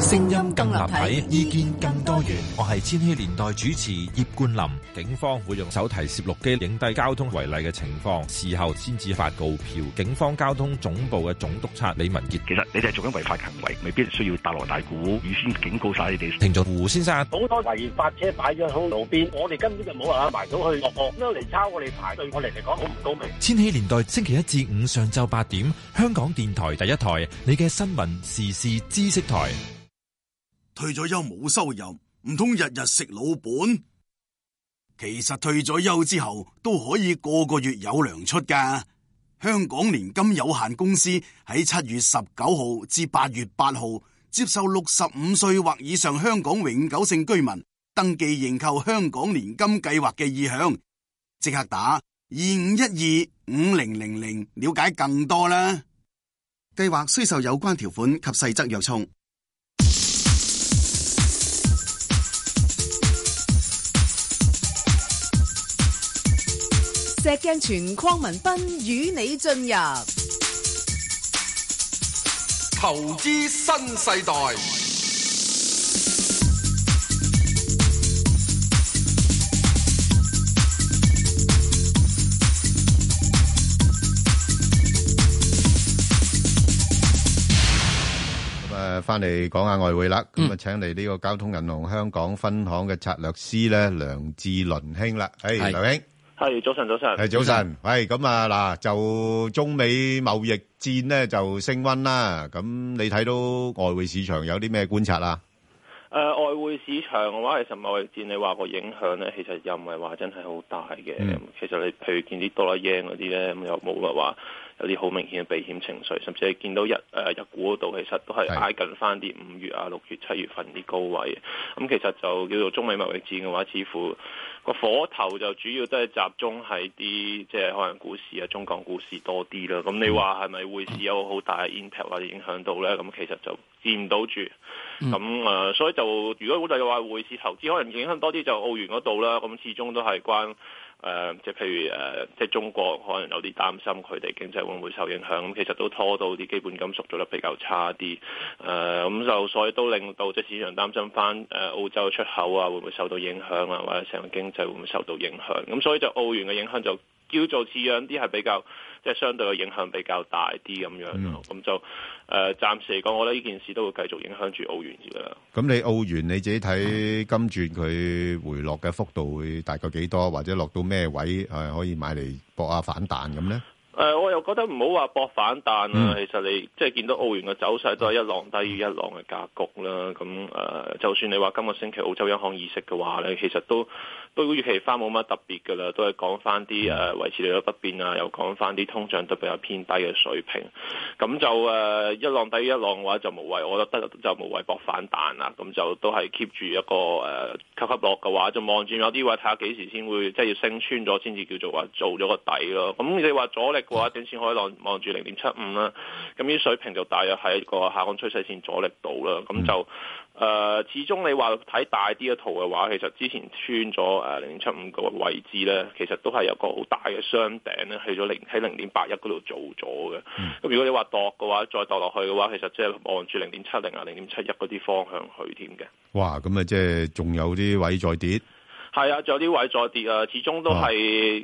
聲音更立體，意見更多元。我係千禧年代主持葉冠霖。警方會用手提攝錄機影低交通違例嘅情況，事後先至發告票。警方交通總部嘅總督察李文傑，其實你哋係做緊違法行為，未必需要大鑼大鼓預先警告曬你哋。聽眾胡先生，好多違例發車擺咗喺路邊，我哋根本就冇辦法埋到去落惡咁樣嚟抄我哋牌，對我哋嚟講好唔高明。千禧年代星期一至五上晝八點，香港電台第一台，你嘅新聞時事知識台。退咗休冇收入，唔通日日食老本？其實退咗休之後都可以個個月有糧出噶。香港年金有限公司喺七月十九號至八月八號接受六十五歲或以上香港永久性居民登記認購香港年金計劃嘅意向，即刻打二五一二五零零零了解更多啦。計劃需受有關條款及細則約束。石鏡泉鄺民彬與你進入投資新世代。咁啊，翻嚟講下外匯啦。咁啊，請嚟呢個交通銀行香港分行嘅策略師咧，梁志倫兄啦，誒，梁兄。係早晨，早晨。係早晨。喂，咁啊嗱，就中美貿易戰呢，就升溫啦。咁你睇到外匯市場有啲咩觀察啦？誒、呃，外匯市場嘅話，其實貿易戰你話個影響咧，其實又唔係話真係好大嘅。嗯、其實你譬如見啲多啦鷹嗰啲咧，咁又冇話話有啲好明顯嘅避險情緒，甚至係見到日、呃、日股嗰度，其實都係挨近翻啲五月啊、六月、七月份啲高位。咁、嗯、其實就叫做中美貿易戰嘅話，似乎。火頭就主要都係集中喺啲即係可能股市啊、中港股市多啲啦。咁你話係咪匯市有好大嘅 impact 或者影響到呢？咁其實就見唔到住。咁誒，所以就如果我嘅話匯市投資可能影響多啲就澳元嗰度啦。咁始終都係關。誒、呃，即係譬如誒、呃，即係中國可能有啲擔心，佢哋經濟會唔會受影響？咁其實都拖到啲基本金縮基本金屬做得比較差啲，誒、呃，咁就所以都令到即係市場擔心翻誒澳洲出口啊會唔會受到影響啊，或者成個經濟會唔會受到影響？咁所以就澳元嘅影響就叫做似樣啲，係比較。即係相對嘅影響比較大啲咁樣囉，咁、嗯、就誒、呃、暫時嚟講，我覺得呢件事都會繼續影響住澳元㗎啦。咁你澳元你自己睇今轉佢回落嘅幅度會大概幾多，或者落到咩位係、呃、可以買嚟搏下反彈咁呢？誒、呃，我又覺得唔好話搏反彈啊。嗯、其實你即係、就是、見到澳元嘅走勢都係一浪低於一浪嘅格局啦。咁誒、呃，就算你話今個星期澳洲央行議息嘅話咧，其實都。都預期翻冇乜特別嘅啦，都係講翻啲誒維持利率不變啊，又講翻啲通脹都比較偏低嘅水平。咁就誒一浪低一浪嘅話就無謂，我覺得得就無謂搏反彈啦。咁就都係 keep 住一個級級落嘅話就望住有啲位，睇下幾時先會即係要升穿咗先至叫做話做咗個底咯。咁你話阻力嘅話短線可以望住零點七五啦。咁呢啲水平就大約係一個下降趨勢線阻力度啦。咁就。嗯誒，始終你話睇大啲嘅圖嘅話，其實之前穿咗誒零點七五個位置咧，其實都係有個好大嘅雙頂咧，去咗零喺零點八一嗰度做咗嘅。咁如果你話度嘅話，再度落去嘅話，其實即係按住零點七零啊、零點七一嗰啲方向去添嘅。哇，咁啊，即係仲有啲位再跌。係啊，仲有啲位再跌啊，始終都係、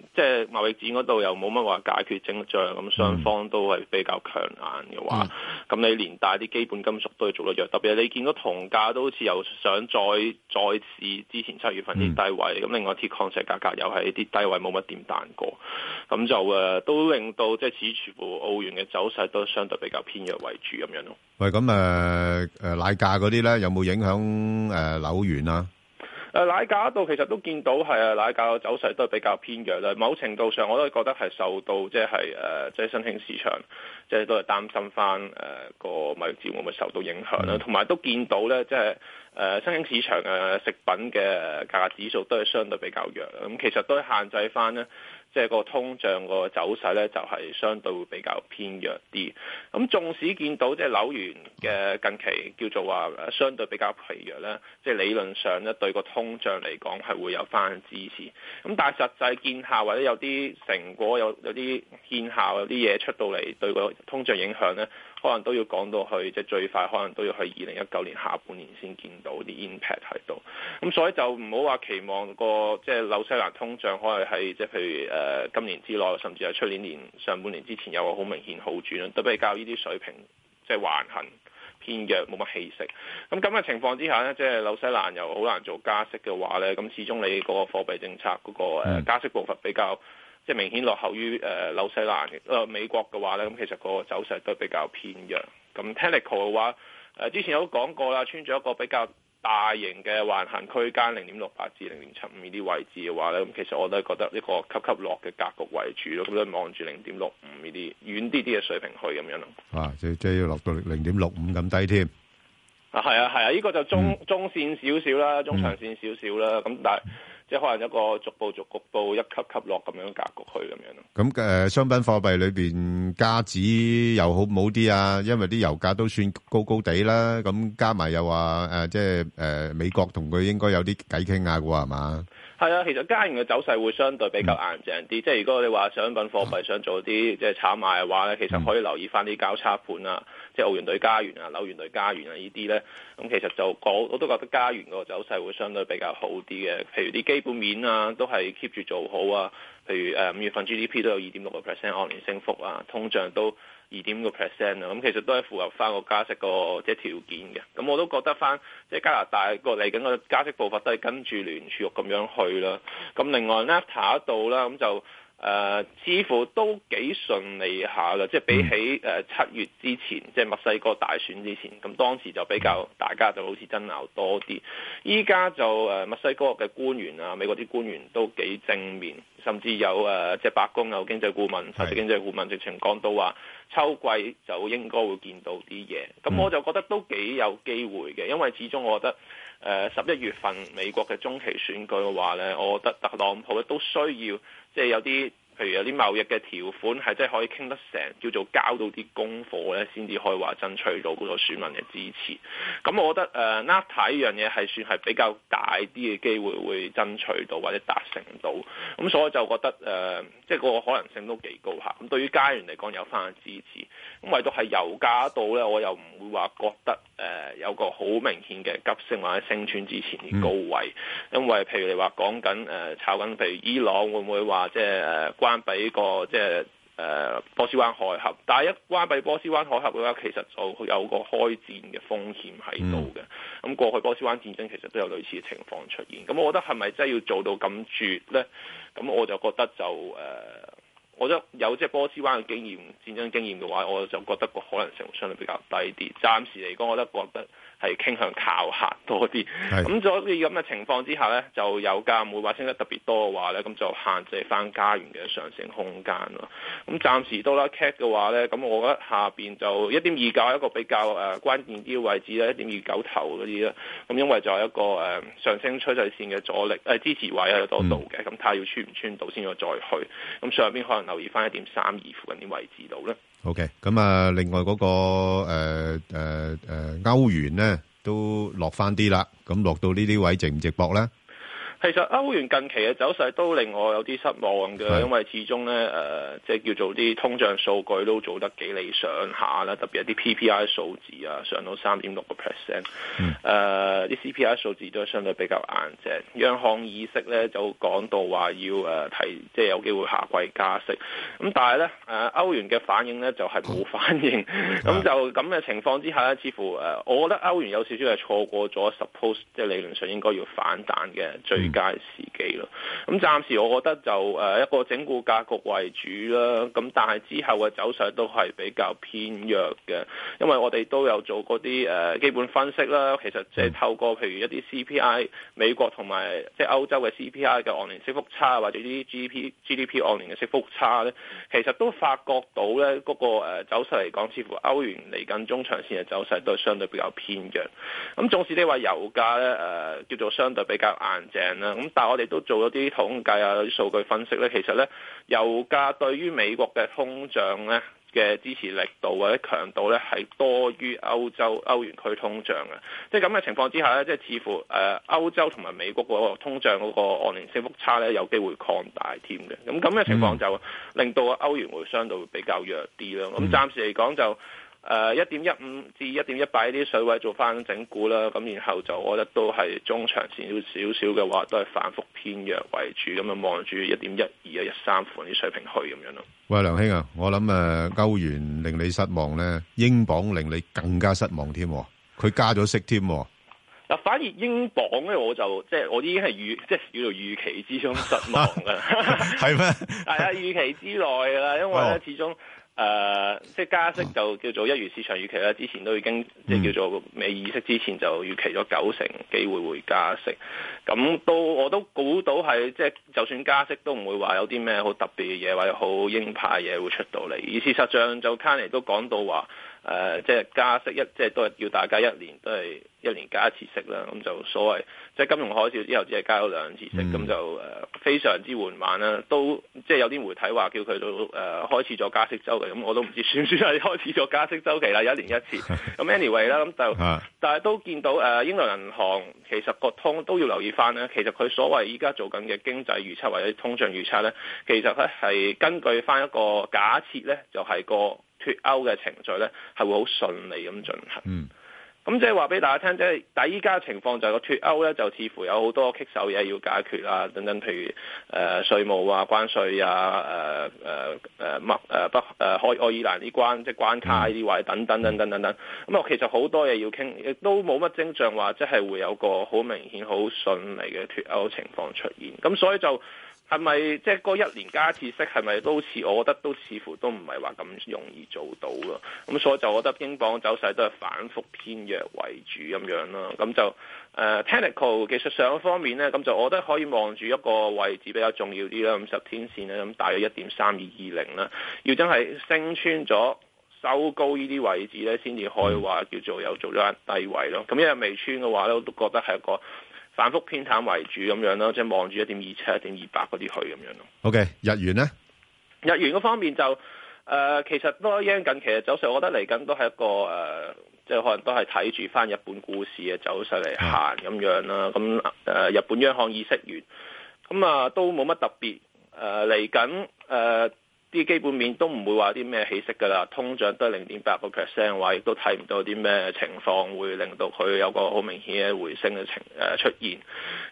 啊、即係貿易戰嗰度又冇乜話解決跡象，咁雙方都係比較強硬嘅話，咁、嗯、你連帶啲基本金屬都要做得弱，特別係你見到銅價都好似又想再再試之前七月份啲低位，咁、嗯、另外鐵礦石價格，格又係啲低位冇乜點彈過，咁就、啊、都令到即係指全部澳元嘅走勢都相對比較偏弱為主咁樣咯。喂，咁誒、呃、奶價嗰啲咧有冇影響誒紐、呃、元啊？誒奶價度其實都見到係啊，奶價嘅走勢都係比較偏弱啦。某程度上我都係覺得係受到即係誒即係新興市場，即係都係擔心翻誒個米業指數會受到影響啦。同埋都見到咧，即係誒新興市場嘅食品嘅價格指數都係相對比較弱。咁、嗯、其實都係限制翻咧。即係個通脹個走勢咧，就係相對會比較偏弱啲。咁縱使見到即係紐元嘅近期叫做話相對比較疲弱呢，即係理論上咧對個通脹嚟講係會有返支持。咁但係實際見效或者有啲成果，有有啲見效，有啲嘢出到嚟對個通脹影響咧，可能都要講到去，即係最快可能都要去二零一九年下半年先見到啲 impact 喺度。咁所以就唔好話期望個即係紐西蘭通脹可能喺即係譬如誒、呃、今年之內，甚至係出年年上半年之前有個好明顯好轉，都比較呢啲水平即係橫行偏弱，冇乜氣息。咁噉嘅情況之下咧，即係紐西蘭又好難做加息嘅話呢，咁始終你個貨幣政策嗰個加息步伐比較。即係明顯落後於誒、呃、紐西蘭嘅，誒、呃、美國嘅話咧，咁其實個走勢都比較偏弱。咁 Technical 嘅話，誒、呃、之前有講過啦，穿咗一個比較大型嘅橫行區間，零點六八至零點七五呢啲位置嘅話咧，咁其實我都係覺得呢個級級落嘅格局為主咯。咁都望住零點六五呢啲遠啲啲嘅水平去咁樣咯。啊，即係即係要落到零點六五咁低添。啊，係啊，係啊，呢、呢個就中、嗯、中線少少啦，中長線少少啦。咁、嗯、但係。即係可能一個逐步逐步到一級級落咁樣格局去咁樣咯。咁、呃、誒，商品貨幣裏邊，加紙又好唔好啲啊？因為啲油價都算高高地啦。咁加埋又話誒、呃，即係誒、呃，美國同佢應該有啲偈傾下嘅話係嘛？係啊，其實加元嘅走勢會相對比較硬淨啲，即係如果你話商品貨幣想做啲即係炒賣嘅話咧，其實可以留意翻啲交叉盤啊，即係澳元對加元啊、紐元對加元啊呢啲咧，咁其實就我我都覺得加元個走勢會相對比較好啲嘅，譬如啲基本面啊都係 keep 住做好啊，譬如誒五月份 GDP 都有二點六個 percent 按年升幅啊，通脹都，二點個 percent 啊，咁其實都係符合翻個加息個即係條件嘅，咁我都覺得翻即係加拿大個嚟緊個加息步伐都係跟住聯儲局咁樣去啦，咁另外咧睇度啦，咁就。誒、呃、似乎都幾順利下嘅，即係比起、呃、七月之前，即係墨西哥大選之前，咁當時就比較大家就好似爭拗多啲。依家就誒、呃、墨西哥嘅官員啊，美國啲官員都幾正面，甚至有誒、呃、即係白宮有經濟顧問、財政經濟顧問的直情講到話，秋季就應該會見到啲嘢。咁我就覺得都幾有機會嘅，因為始終我覺得。誒，十一月份美國嘅中期選舉嘅話咧，我覺得特朗普咧都需要即係有啲，譬如有啲貿易嘅條款係即係可以傾得成，叫做交到啲功課呢先至可以話爭取到嗰個選民嘅支持。咁我覺得誒 NAFTA 呢樣嘢係算係比較大啲嘅機會會爭取到或者達成到，咁所以就覺得誒、呃，即係個可能性都幾高嚇。咁對於加元嚟講有翻嘅支持。咁唯獨係油價到咧，我又唔會話覺得誒、呃、有個好明顯嘅急升或者升穿之前啲高位，嗯、因為譬如你話講緊誒炒緊譬如伊朗會唔會話即係關閉、個即係誒、呃、波斯灣海峽？但係一關閉波斯灣海峽嘅話，其實就有個開戰嘅風險喺度嘅。咁、嗯、過去波斯灣戰爭其實都有類似嘅情況出現。咁我覺得係咪真係要做到咁絕咧？咁我就覺得就誒。呃我覺得有即係波斯灣嘅經驗，戰爭經驗嘅話，我就覺得個可能性相對比較低啲。暫時嚟講，我都覺得。.係傾向靠客多啲，咁在呢咁嘅情況之下呢，就有價唔會話升得特別多嘅話呢，咁就限制翻家園嘅上升空間咯。咁暫時都啦，cat 嘅話呢，咁我覺得下邊就一點二九一個比較誒、呃、關鍵啲嘅位置啦，一點二九頭嗰啲啦，咁因為就係一個誒、呃、上升趨勢線嘅阻力誒、呃、支持位啊，有多度嘅，咁睇下要穿唔穿到先再再去。咁上邊可能留意翻一點三二附近啲位置度呢。OK，咁啊，另外嗰個誒誒誒歐元咧都落翻啲啦，咁落到呢啲位值唔值博咧？其實歐元近期嘅走勢都令我有啲失望㗎，因為始終咧、呃、即係叫做啲通脹數據都做得幾理想下啦，特別係啲 PPI 數字啊上到三點六個 percent，誒啲 CPI 數字都相對比較硬淨。央行意識咧就講到話要誒提，即係有機會下季加息。咁但係咧歐元嘅反應咧就係、是、冇反應。咁、嗯嗯、就咁嘅情況之下咧，似乎我覺得歐元有少少係錯過咗 suppose 即係理論上應該要反彈嘅、嗯、最界時機咯。咁暫時我覺得就誒一個整固格局為主啦。咁但係之後嘅走勢都係比較偏弱嘅，因為我哋都有做過啲誒基本分析啦。其實即係透過譬如一啲 CPI 美國同埋即係歐洲嘅 CPI 嘅按年升幅差，或者啲 GDP GDP 按年嘅升幅差呢，其實都發覺到呢，嗰個走勢嚟講，似乎歐元嚟緊中長線嘅走勢都係相對比較偏弱。咁縱使你呢話油價呢誒叫做相對比較硬淨。咁但係我哋都做咗啲統計啊，啲數據分析呢，其實呢，油價對於美國嘅通脹呢嘅支持力度或者強度呢，係多於歐洲歐元區通脹嘅。即係咁嘅情況之下呢，即係似乎誒歐洲同埋美國嗰個通脹嗰個按年升幅差呢，有機會擴大添嘅。咁咁嘅情況就令到歐元會相對比較弱啲啦。咁暫、嗯嗯、時嚟講就。誒一點一五至一點一八呢啲水位做翻整固啦，咁然後就我覺得都係中長線少少嘅話，都係反覆偏弱為主咁啊，望住一點一二、一點三款啲水平去咁樣咯。喂，梁兄啊，我諗誒歐元令你失望咧，英鎊令你更加失望添，佢加咗息添。嗱，反而英鎊咧，我就即係、就是、我已經係預即係預到預期之中失望噶，係咩？係啊，預期之內噶啦，因為咧、oh. 始終。誒，即係、uh, 加息就叫做一如市場預期啦。之前都已經、mm. 即叫做未議息之前就預期咗九成機會會加息。咁都我都估到係，即就算加息都唔會話有啲咩好特別嘅嘢或者好鷹派嘢會出到嚟。而事實上，就卡尼都講到話。誒、呃，即係加息一，即係都係叫大家一年都係一年加一次息啦。咁就所謂即係金融海始之後，只係加咗兩次息，咁、嗯、就、呃、非常之緩慢啦。都即係有啲媒體話叫佢到誒開始咗加息週期，咁我都唔知算唔算係開始咗加息週期啦，一年一次。咁 [laughs] anyway 啦，咁就 [laughs] 但係都見到誒、呃、英倫銀行其實個通都要留意翻咧。其實佢所謂依家做緊嘅經濟預測或者通脹預測咧，其實咧係根據翻一個假設咧，就係、是、個。脫歐嘅程序咧，係會好順利咁進行。咁即係話俾大家聽，即係但係依家情況就係個脫歐咧，就似乎有好多棘手嘢要解決啊，等等，譬如誒、呃、稅務啊、關稅啊、誒誒誒麥誒北誒愛愛爾蘭啲關即、即係、關卡呢啲嘢等等等等等等。咁啊，我其實好多嘢要傾，亦都冇乜徵象話即係會有個好明顯好順利嘅脫歐情況出現。咁所以就。係咪即係嗰一年加一次息係咪都似？我覺得都似乎都唔係話咁容易做到咯。咁所以就我覺得英鎊走勢都係反覆偏弱為主咁樣咯。咁就誒 technical、呃、技術上方面呢，咁就我覺得可以望住一個位置比較重要啲啦。五十天線呢，咁大約一點三二二零啦。要真係升穿咗收高呢啲位置呢，先至可以話叫做有做咗低位咯。咁因為未穿嘅話呢，我都覺得係一個，反覆偏淡為主咁樣咯，即係望住一點二七、一點二八嗰啲去咁樣咯。OK，日元呢？日元嗰方面就、呃、其實都一樣緊其實走勢，我覺得嚟緊都係一個即係、呃就是、可能都係睇住翻日本故事嘅走勢嚟行咁樣啦。咁、嗯呃、日本央行議息完，咁、嗯、啊、呃、都冇乜特別嚟緊、呃啲基本面都唔會話啲咩起色㗎啦，通脹得零點八個 percent 嘅話，亦都睇唔到啲咩情況會令到佢有個好明顯嘅回升嘅情誒、呃、出現。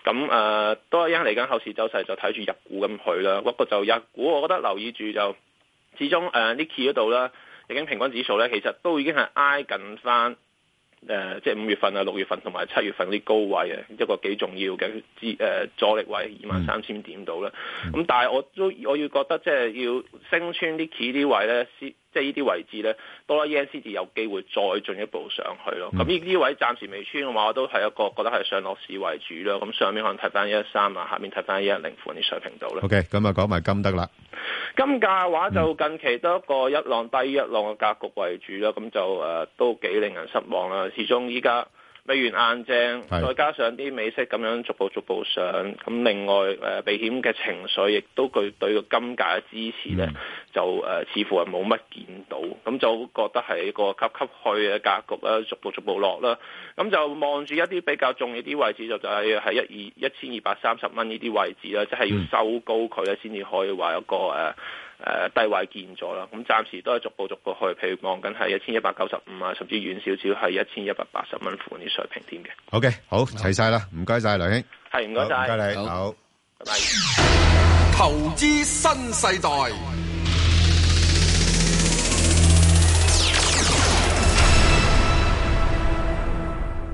咁誒都係因嚟緊後市走勢就睇住入股咁去啦。不過就入股，我覺得留意住就，始終誒、呃、Nikkei 嗰度啦，日經平均指數咧，其實都已經係挨近翻。誒、呃，即係五月份啊、六月份同埋七月份啲高位啊，一個幾重要嘅支誒、呃、阻力位二萬三千點度啦。咁、嗯、但係我都我要覺得即係要升穿啲企啲位咧。即係呢啲位置咧，多啦 n、c d 有機會再進一步上去咯。咁呢啲位暫時未穿嘅話，我都係一個覺得係上落市為主囉。咁上面可能睇翻一一三啊，下面睇翻一一零附近啲水平度咧。OK，咁啊，講埋金德啦。金價嘅話就近期都一個一浪低一浪嘅格局為主囉。咁就誒、啊、都幾令人失望啦。始終依家。美元硬淨，再加上啲美息咁樣逐步逐步上，咁另外誒、呃、避險嘅情緒亦都具對個金價嘅支持咧，就誒、呃、似乎係冇乜見到，咁就覺得係一個吸吸去嘅格局啦，逐步逐步落啦，咁就望住一啲比較重要啲位置就就係一二一千二百三十蚊呢啲位置啦，即、就、係、是、要收高佢咧先至可以話一個誒。嗯誒低、呃、位見咗啦，咁、嗯、暫時都係逐步逐步去，譬如望緊係一千一百九十五啊，甚至遠少少係一千一百八十蚊附近啲水平添嘅。OK，好齊晒啦，唔該晒梁兄，係唔該晒。唔該你，好，拜拜留。Bye bye 投資新世代。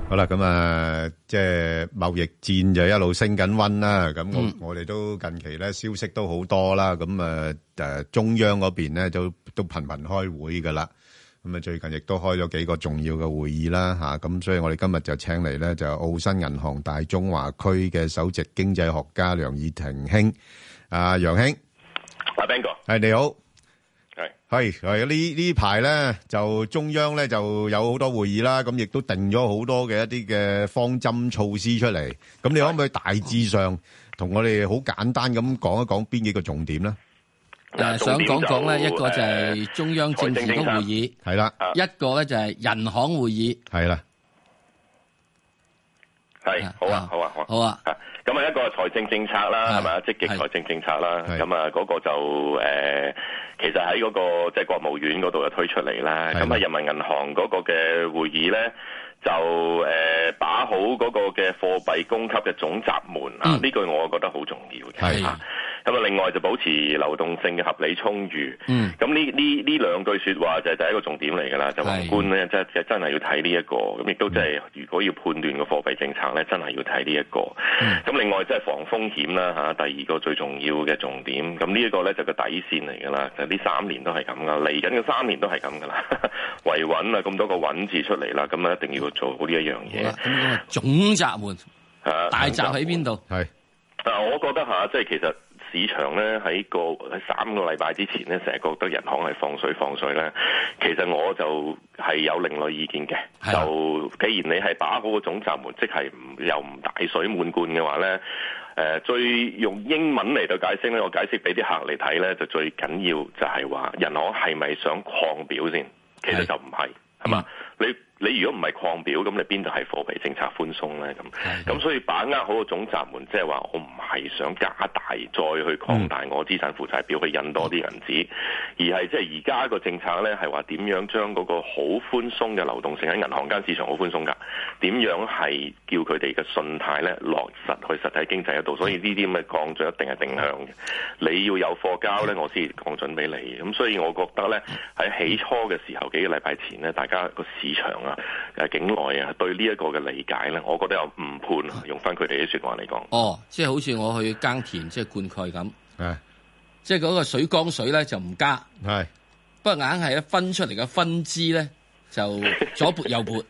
好啦，咁啊，即係貿易戰就一路升緊溫啦。咁我我哋都近期咧消息都好多啦。咁啊誒，中央嗰邊咧都都頻頻開會噶啦。咁啊，最近亦都開咗幾個重要嘅會議啦吓。咁所以我哋今日就請嚟咧就澳新銀行大中華區嘅首席經濟學家楊宇霆生啊，楊生，阿 Ben 哥，係你好。係係，係呢呢排咧就中央咧就有好多會議啦，咁亦都定咗好多嘅一啲嘅方針措施出嚟。咁你可唔可以大致上同我哋好簡單咁講一講邊幾個重點咧？誒，想講講咧，一個就係中央政治局會議，係啦，一個咧就係人行會議，係啦，係好啊，好啊，好啊。咁啊，一個財政政策啦，係咪是？積極財政政策啦，咁啊，嗰個就、呃、其實喺嗰個即係國務院嗰度又推出嚟啦。咁喺是人民銀行嗰個嘅會議呢，就誒把、呃、好嗰個嘅貨幣供給嘅總閘門是啊，呢、這、句、個、我覺得好重要嘅。是啊。咁啊，另外就保持流動性嘅合理充裕。嗯，咁呢呢呢兩句說話就係第一個重點嚟㗎啦。就宏觀咧的，真真係要睇呢一個。咁亦都即係如果要判斷個貨幣政策咧，真係要睇呢一個。咁、嗯、另外即係、就是、防風險啦吓第二個最重要嘅重點。咁呢、就是、一個咧就個底線嚟㗎啦。就呢、是、三年都係咁㗎，嚟緊嘅三年都係咁㗎啦。維穩啊，咁多個穩字出嚟啦。咁啊，一定要做好呢一樣嘢。總閘門，啊、門大閘喺邊度？的我覺得吓，即係其實。市場咧喺個喺三個禮拜之前咧，成日覺得人行係放水放水咧。其實我就係有另類意見嘅。就既然你係把好個總閘門，即係唔又唔大水漫灌嘅話咧、呃，最用英文嚟到解釋咧，我解釋俾啲客嚟睇咧，就最緊要就係話人行係咪想擴表先？其實就唔係，係嘛你。你如果唔係擴表，咁你邊度係貨幣政策寬鬆呢？咁咁所以把握好個總閘門，即係話我唔係想加大再去擴大我資產負債表去引多啲銀紙，而係即係而家個政策呢，係話點樣將嗰個好寬鬆嘅流動性喺銀行間市場好寬鬆㗎，點樣係叫佢哋嘅信貸呢落實去實體經濟嗰度？所以呢啲咁嘅降準一定係定向嘅。你要有貨交呢，我先降準俾你。咁所以我覺得呢，喺起初嘅時候幾個禮拜前呢，大家個市場啊！誒，境外啊，對呢一個嘅理解咧，我覺得有誤判啊。用翻佢哋嘅説話嚟講，哦，即係好似我去耕田，即係灌溉咁，係是，即係嗰個水缸水咧就唔加，係是，不過硬係一分出嚟嘅分支咧就左撥右撥。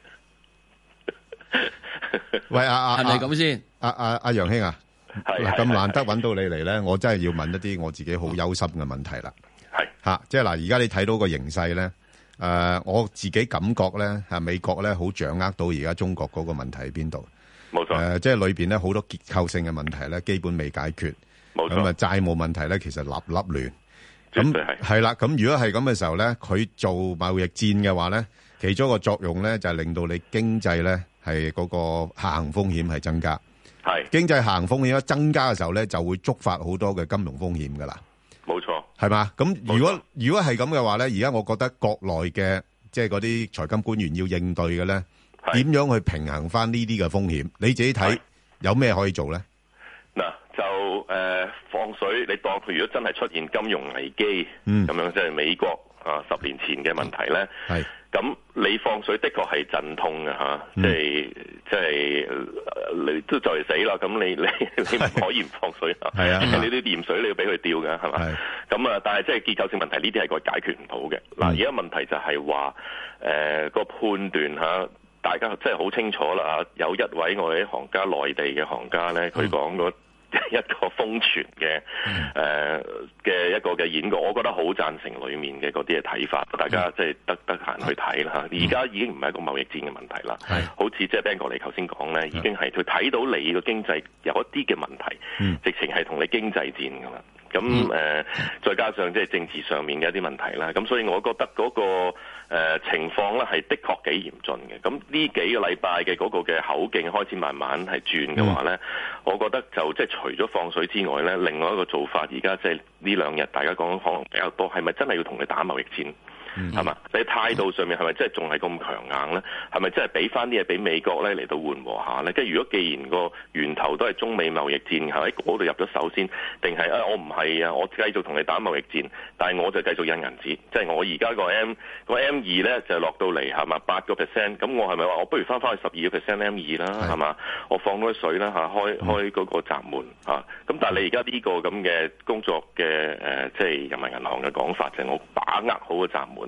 [laughs] 喂，阿阿阿，係咪咁先？阿阿阿楊兄啊，係咁是難得揾到你嚟咧，是我真係要問一啲我自己好憂心嘅問題啦。係是，嚇、啊，即係嗱，而家你睇到個形勢咧。誒我自己感覺咧，啊美國咧好掌握到而家中國嗰個問題喺邊度？冇錯。誒即係裏邊咧好多結構性嘅問題咧，基本未解決。冇錯。咁啊債務問題咧，其實立立亂。絕對係。係啦，咁如果係咁嘅時候咧，佢做貿易戰嘅話咧，其中一個作用咧就係令到你經濟咧係嗰個下行風險係增加。係。經濟下行風險一增加嘅時候咧，就會觸發好多嘅金融風險㗎啦。冇錯。係嘛？咁如果如果係咁嘅話咧，而家我覺得國內嘅即係嗰啲財金官員要應對嘅咧，點樣去平衡翻呢啲嘅風險？你自己睇有咩可以做咧？嗱，就誒放水，你當佢如果真係出現金融危機，嗯，咁樣即係美國。啊，十年前嘅問題咧，咁、嗯、你放水的確係陣痛嘅，即係即係你都就嚟死啦，咁你你是你可以唔放水啊？係啊的的，你啲鹽水你要俾佢掉㗎，係咪？咁啊是，但係即係結構性問題呢啲係個解決唔到嘅。嗱是，而家問題就係話，誒、呃，那個判斷大家真係好清楚啦。有一位我哋行家，內地嘅行家咧，佢講 [laughs] 一個瘋傳嘅誒嘅一個嘅演講，我覺得好贊成裏面嘅嗰啲嘅睇法，大家即係得、mm. 得，得閒去睇啦嚇，而家已經唔係一個貿易戰嘅問題啦，mm. 係好似即係 Ben 哥你頭先講咧，已經係佢睇到你個經濟有一啲嘅問題，mm. 直情係同你經濟戰噶啦。咁誒、呃，再加上即係政治上面嘅一啲問題啦，咁所以我覺得嗰、那個、呃、情況咧係的確幾嚴峻嘅。咁呢幾個禮拜嘅嗰個嘅口徑開始慢慢係轉嘅話咧，嗯、我覺得就即係、就是、除咗放水之外咧，另外一個做法而家即係呢兩日大家講緊可能比較多，係咪真係要同佢打貿易戰？係嘛、嗯？你態度上面係咪真係仲係咁強硬咧？係咪真係俾翻啲嘢俾美國咧嚟到緩和下咧？跟住如果既然個源頭都係中美貿易戰，喺嗰度入咗手先，定係啊我唔係啊，我繼續同你打貿易戰，但係我就繼續印銀紙，即、就、係、是、我而家個 M，個 M 二咧就是、落到嚟係嘛，八個 percent，咁我係咪話我不如翻翻去十二個 percent M 二啦？係嘛的，我放多水啦嚇，開開嗰個閘門嚇。咁、啊、但係你而家呢個咁嘅工作嘅誒、呃，即係人民銀行嘅講法就係、是、我把握好個閘門。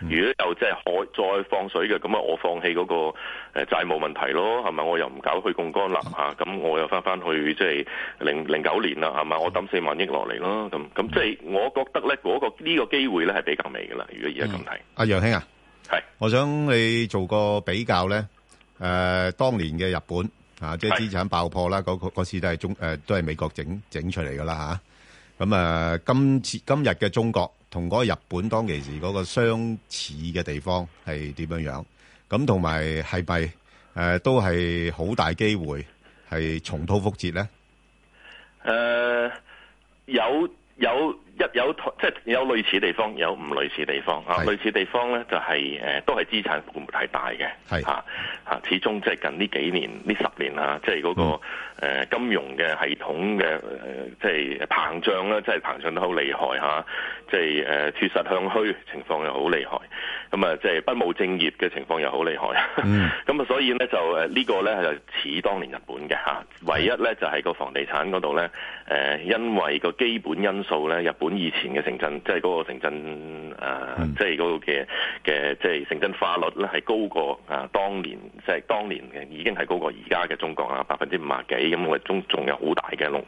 如果又即係可再放水嘅，咁啊，我放棄嗰個誒債務問題咯，係咪？我又唔搞去槓桿啦嚇，咁我又翻翻去即係零零九年啦，係咪？我抌四萬億落嚟咯，咁咁即係，我覺得咧嗰個呢個機會咧係比較微嘅啦。如果而家咁睇，阿楊兄啊，係，我想你做個比較咧，誒，當年嘅日本啊，即係資產爆破啦，嗰個嗰次都係中誒，都係美國整整出嚟嘅啦嚇。咁啊，今次今日嘅中國。同嗰個日本當其時嗰個相似嘅地方係點樣樣？咁同埋係咪誒都係好大機會係重蹈覆轍咧？誒、呃、有有一有即係有類似地方，有唔類似地方啊！是類似地方咧就係、是、誒、呃、都係資產泡沫太大嘅，係嚇嚇，始終即係近呢幾年呢十年啊，即係嗰、嗰個。嗯誒金融嘅系統嘅即係膨脹啦，即、就、係、是、膨脹得好厲害吓，即係誒，脫實向虛情況又好厲害，咁啊，即係不務正業嘅情況又好厲害，咁啊、嗯， [laughs] 所以咧就、這個、呢個咧就似當年日本嘅吓，唯一咧就係、是、個房地產嗰度咧，誒因為個基本因素咧，日本以前嘅城鎮，即係嗰個城鎮誒即係嗰個嘅嘅，即係、嗯就是、城鎮化率咧係高過啊，當年即係、就是、當年嘅已經係高過而家嘅中國啊，百分之五啊幾。因為中仲有好大嘅農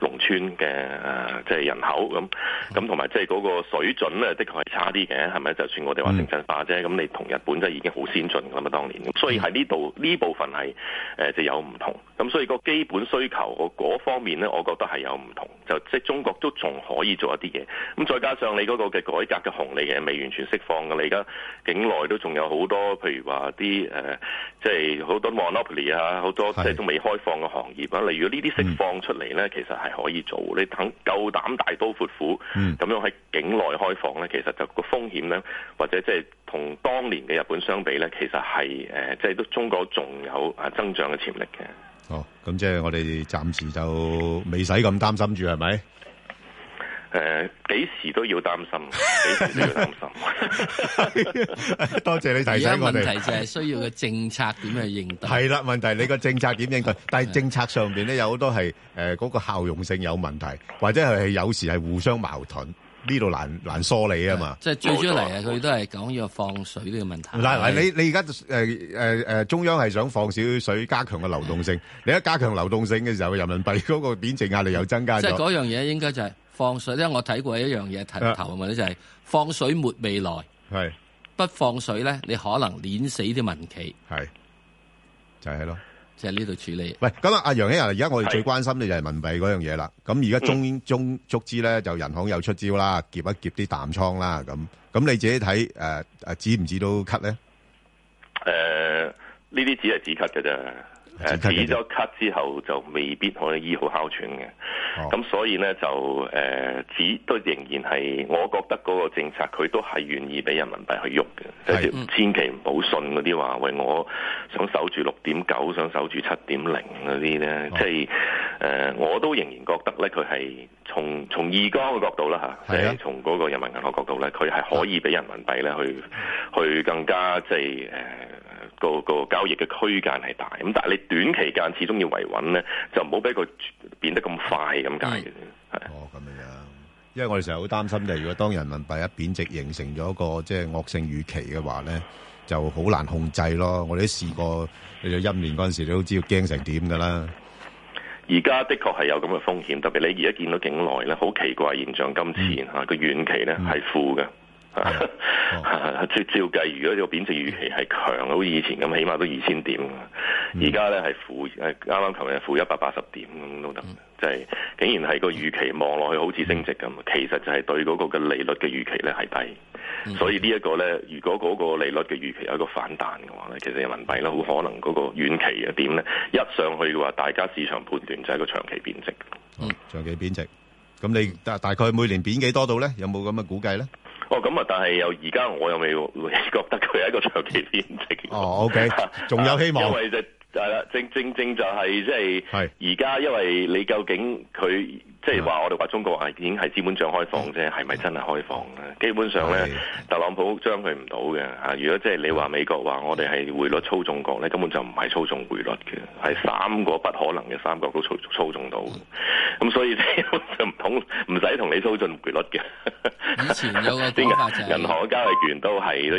農村嘅誒即係人口咁，咁同埋即係嗰個水準咧，的確係差啲嘅，係咪？就算我哋話城鎮化啫，咁你同日本即係已經好先進咁啊！當年，所以喺呢度呢部分係誒即係有唔同，咁所以個基本需求嗰方面咧，我覺得係有唔同，就即係、就是、中國都仲可以做一啲嘢。咁再加上你嗰個嘅改革嘅紅利嘅未完全釋放嘅，你而家境內都仲有好多，譬如話啲誒即係好多 monopoly 啊，好多即係都未開放嘅行業。例如，如果呢啲釋放出嚟咧，嗯、其實係可以做。你等夠膽大刀闊斧，咁樣喺境內開放咧，其實就個風險咧，或者即係同當年嘅日本相比咧，其實係誒，即係都中國仲有誒增長嘅潛力嘅。好、哦，咁即係我哋暫時就未使咁擔心住，係咪？誒，幾、呃、時都要擔心，幾時都要擔心。 [laughs] [laughs] 多謝你提醒我哋問題，問題就係需要嘅政策點去應對。係啦，問題你個政策點應對？但係政策上邊咧有好多係誒，嗰、呃那個效用性有問題，或者係係有時係互相矛盾，呢度難難梳理啊嘛。是即係最主要嚟啊，佢錯都係講要放水呢個問題。嗱嗱，你你而家誒誒誒，中央係想放少水，加強個流動性。的你一加強流動性嘅時候，人民幣嗰個貶值壓力又增加咗。即係嗰樣嘢，應該就係、是。放水咧，我睇過一樣嘢頭頭啊，或者就係、是、放水沒未來，係是不放水咧，你可能碾死啲民企，係就係咯，即係呢度處理。喂，咁啊，阿楊先生、啊，而家我哋最關心嘅就係人民幣嗰樣嘢啦。咁而家中中足之咧，就銀行又出招啦，劫一劫啲淡倉啦。咁咁你自己睇誒誒止唔止都咳咧？誒呢啲止係止咳嘅啫。呃、止咗咳之後就未必可以醫好哮喘嘅，咁、哦、所以呢，就誒止、呃、都仍然係，我覺得嗰個政策佢都係願意俾人民幣去喐嘅，即住、嗯、千祈唔好信嗰啲話喂我想守住六點九，想守住七點零嗰啲呢，即係、哦就是呃、我都仍然覺得呢，佢係從從二哥嘅角度啦吓即係從嗰個人民銀行角度呢，佢係可以俾人民幣呢去、嗯、去更加即係誒。呃個個交易嘅區間係大，咁但係你短期間始終要維穩咧，就唔好俾佢變得咁快咁解嘅啫。係是。是哦，咁樣。因為我哋成日好擔心就係，如果當人民幣一貶值形成咗一個即係、就是、惡性預期嘅話咧，就好難控制咯。我哋都試過，你咗陰年嗰陣時，你都知要驚成點㗎啦。而家的確係有咁嘅風險，特別你而家見到境內咧好奇怪嘅現象這麼，金錢嚇個遠期咧係、嗯、負嘅。照照計， [laughs] 如果個貶值預期係強，好似以前咁，起碼都二千點。而家咧係負，啱啱琴日係負一百八十點咁都得。即係、就係、竟然係個預期望落去好似升值咁，其實就係對嗰個嘅利率嘅預期咧係低。所以呢一個咧，如果嗰個利率嘅預期有一個反彈嘅話咧，其實人民幣咧好可能嗰個遠期一點咧一上去嘅話，大家市場判斷就係個長期貶值。長期貶值，咁你大大概每年貶幾多度咧？有冇咁嘅估計咧？哦，咁啊，但係又而家我又未覺得佢係一個長期編程、哦。哦，OK，仲有希望。因為就是就係啦，正正正，就係即係而家，現在因為你究竟佢即係話我哋話中國已經係資本帳開放啫，係咪是真係開放咧？是基本上咧，是特朗普將佢唔到嘅吓。如果即係你話美國話我哋係匯率操縱國咧，根本就唔係操縱匯率嘅，係三個不可能嘅三角都操操縱到。咁所以就唔、是、同，唔使同你操縱匯率嘅。以前銀行嘅交易權都係。